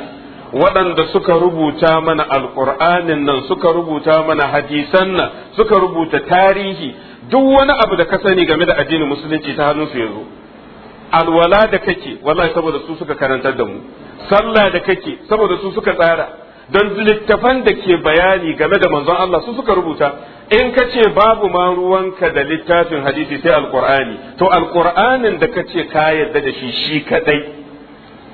Speaker 1: waɗanda suka rubuta mana alƙur'anin nan suka rubuta mana hadisan nan suka rubuta tarihi duk wani abu da ka sani game da addinin musulunci ta hannunsu yanzu. yazo alwala da kake wallahi saboda su suka karantar da mu sallah da kake saboda su suka tsara don littafan da ke bayani game da manzon Allah su suka rubuta in ka ce babu ma ruwanka da littafin hadisi sai alqur'ani to alqur'anin da ka ce ka yarda da shi shi kadai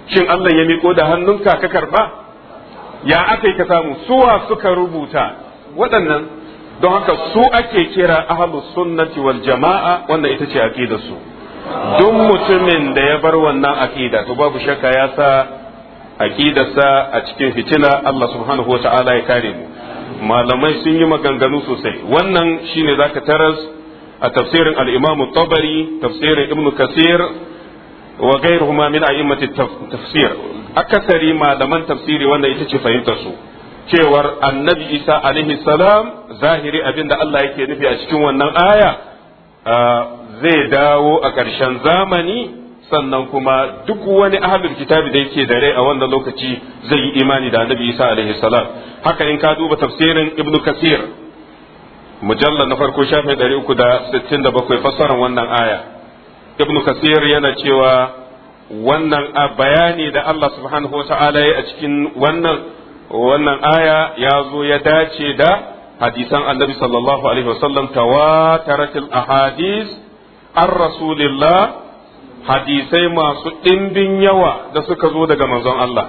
Speaker 1: shin Allah ya miko da hannunka ka karba ya aka yi ka samu suwa suka rubuta waɗannan don haka su ake kira ahlus sunnati wal jama'a ita ce aqidar su duk mutumin da ya bar wannan aqida to babu shakka ya sa aqidarsa a cikin fitina Allah subhanahu wa ta'ala ya kare mu malamai sun yi maganganu sosai wannan shine zaka taras a tafsirin al-Imam tabari tafsirin Ibn Kasir wa ghayruhuma min a'immati tafsir akasari malaman tafsiri wanda ita ce fahimtar su cewar annabi Isa alaihi salam zahiri abinda Allah yake nufi a cikin wannan aya zai dawo a ƙarshen zamani sannan kuma duk wani ahlul kitabi da yake da rai a wannan lokaci zai yi imani da annabi isa alaihi salam haka in ka duba tafsirin ibnu kasir mujallal na farko shafi 367 fassarar wannan aya ibnu kasir yana cewa wannan a bayani da Allah subhanahu wa ta'ala a cikin wannan wannan aya ya zo ya dace da hadisan annabi sallallahu alaihi wasallam tawataratil ahadis an rasulillah hadisai masu ɗimbin yawa da suka zo daga manzon Allah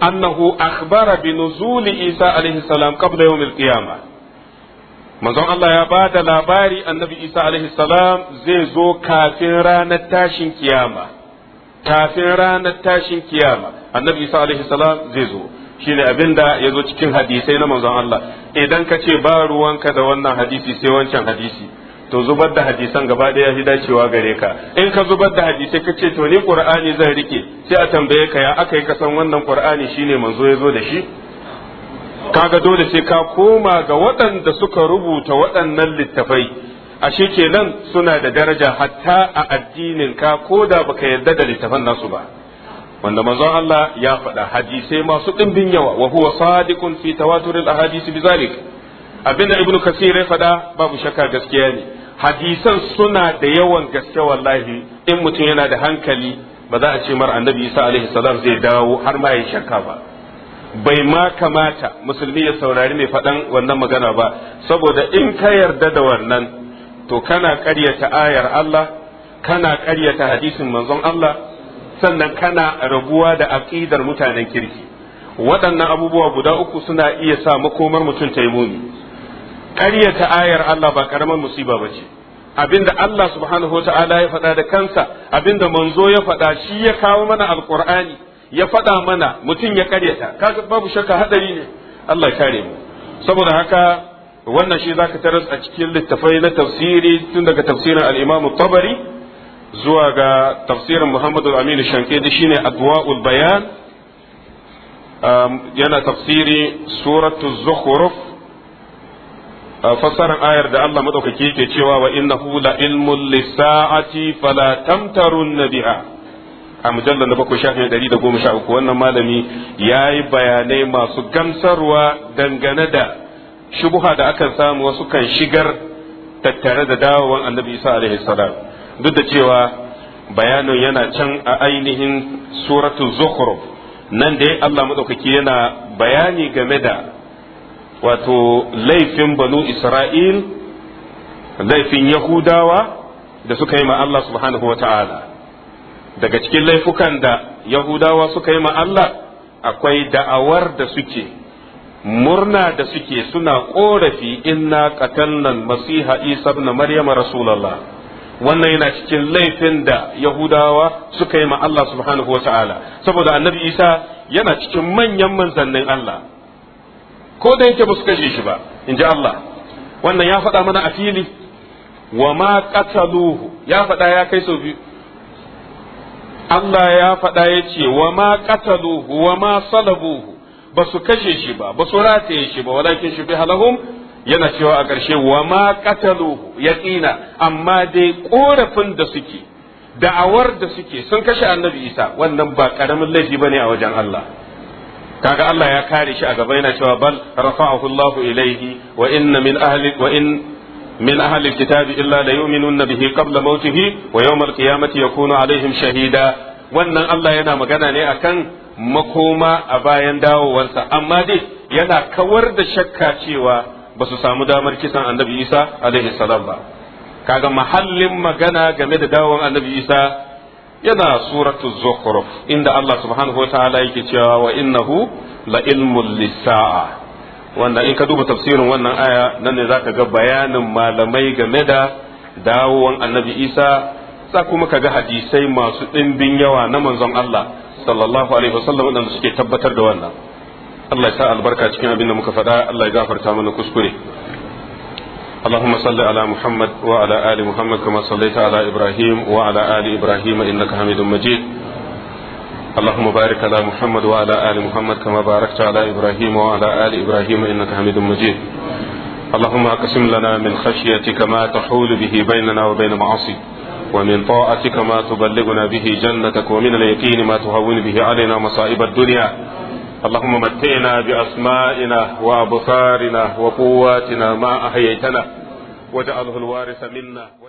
Speaker 1: annahu akhbara bi nuzuli Isa alaihi salam qabla yawm al-qiyama manzon Allah ya ba da labari annabi Isa alaihi salam zai zo kafin ranar tashin kiyama kafin ranar tashin kiyama annabi Isa alaihi salam zai zo shine abinda ya zo cikin hadisai na manzon Allah idan ka ce ba ruwanka da wannan hadisi sai wancan hadisi to zubar da hadisan gaba ɗaya shi dacewa gare ka in ka zubar da hadisai ka ce to ni qur'ani zan rike sai a tambaye ka ya aka yi ka san wannan qur'ani shine manzo ya zo da shi kaga dole sai ka koma ga waɗanda suka rubuta waɗannan littafai ashe kenan suna da daraja hatta a addinin ka ko da baka yarda da littafan nasu ba wanda manzon Allah ya faɗa hadisai masu ɗimbin yawa wa huwa sadiqun fi tawaturil ahadisi bizalik abinda ibn kasir ya faɗa babu shakka gaskiya ne hadisan suna da yawan gaske wallahi in mutum yana da hankali ba za a ce mar annabi isa alaihi salam zai dawo har ma yi shakka ba bai ma kamata musulmi ya saurari mai faɗan wannan magana ba saboda in ka yarda da wannan to kana ƙaryata ayar Allah kana ƙaryata hadisin manzon Allah sannan kana rabuwa da aƙidar mutanen kirki waɗannan abubuwa guda uku suna iya sa makomar mutum ta yi muni karyata ayar Allah ba karamar musiba ba ce abinda Allah subhanahu wa ta'ala ya faɗa da kansa abinda manzo ya faɗa shi ya kawo mana alƙur'ani ya faɗa mana mutum ya karyata kaga babu shakka hadari ne Allah kare mu saboda haka wannan shi zaka taras a cikin littafai na tafsiri tun daga tafsirin al-Imam tabari zuwa ga tafsirin Muhammad al-Amin Shankidi shine Adwa'ul Bayan yana tafsiri suratul Zukhruf fassarar ayar da Allah madaukaki yake cewa wa innahu la ilmul lisaati fala tamtarun biha a mujallar na bakwai shafin ɗari da goma sha uku wannan malami ya yi bayanai masu gamsarwa dangane da shubuha da akan samu wasu kan shigar tattare da dawowan annabi isa alaihi salam duk da cewa bayanin yana can a ainihin suratu zukhruf nan dai Allah madaukaki yana bayani game da wato laifin banu isra'il laifin yahudawa da suka yi ma Allah subhanahu wa ta'ala daga cikin laifukan da yahudawa suka yi ma Allah akwai da'awar da suke murna da suke suna korafi inna qatalna masiha isa ibn maryama rasulullah wannan yana cikin laifin da yahudawa suka yi ma Allah subhanahu wa ta'ala saboda annabi isa yana cikin manyan manzannin Allah ko da yake ba su kashe shi ba in ji Allah wannan ya faɗa mana a fili wa ma qataluhu ya faɗa ya kai sau biyu Allah ya faɗa ya ce wa ma qataluhu wa ma salabuhu ba su kashe shi ba ba su rataye shi ba walakin shi bi halahum yana cewa a ƙarshe wa ma qataluhu yaqina amma dai korafin da suke da'awar da suke sun kashe annabi Isa wannan ba karamin laifi bane a wajen Allah kaga Allah ya kare shi a gaba yana cewa bal rafa'ahu Allah ilayhi wa inna min ahli wa in min ahli alkitabi illa la yu'minuna bihi qabla mawtihi wa yawm alqiyamati yakunu alaihim shahida wannan Allah yana magana ne akan makoma a bayan dawowarsa amma dai yana kawar da shakka cewa ba su samu damar kisan annabi Isa alaihi salam ba kaga mahallin magana game da dawon annabi Isa yana suratu zukhruf inda Allah subhanahu wataala yake cewa wa innahu la ilmul lisaa wanda in ka duba tafsirin wannan aya nan ne zaka ga bayanin malamai game da dawowan annabi Isa za kuma ka ga hadisai masu ɗimbin yawa na manzon Allah sallallahu alaihi wasallam da suke tabbatar da wannan Allah ya sa albarka cikin abin da muka faɗa Allah ya gafarta mana kuskure اللهم صل على محمد وعلى آل محمد كما صليت على إبراهيم وعلى آل إبراهيم إنك حميد مجيد اللهم بارك على محمد وعلى آل محمد كما باركت على إبراهيم وعلى آل إبراهيم إنك حميد مجيد اللهم اقسم لنا من خشيتك ما تحول به بيننا وبين معاصيك ومن طاعتك ما تبلغنا به جنتك ومن اليقين ما تهون به علينا مصائب الدنيا اللهم متعنا بأسمائنا وأبصارنا وقواتنا ما أحييتنا واجعله الوارث منا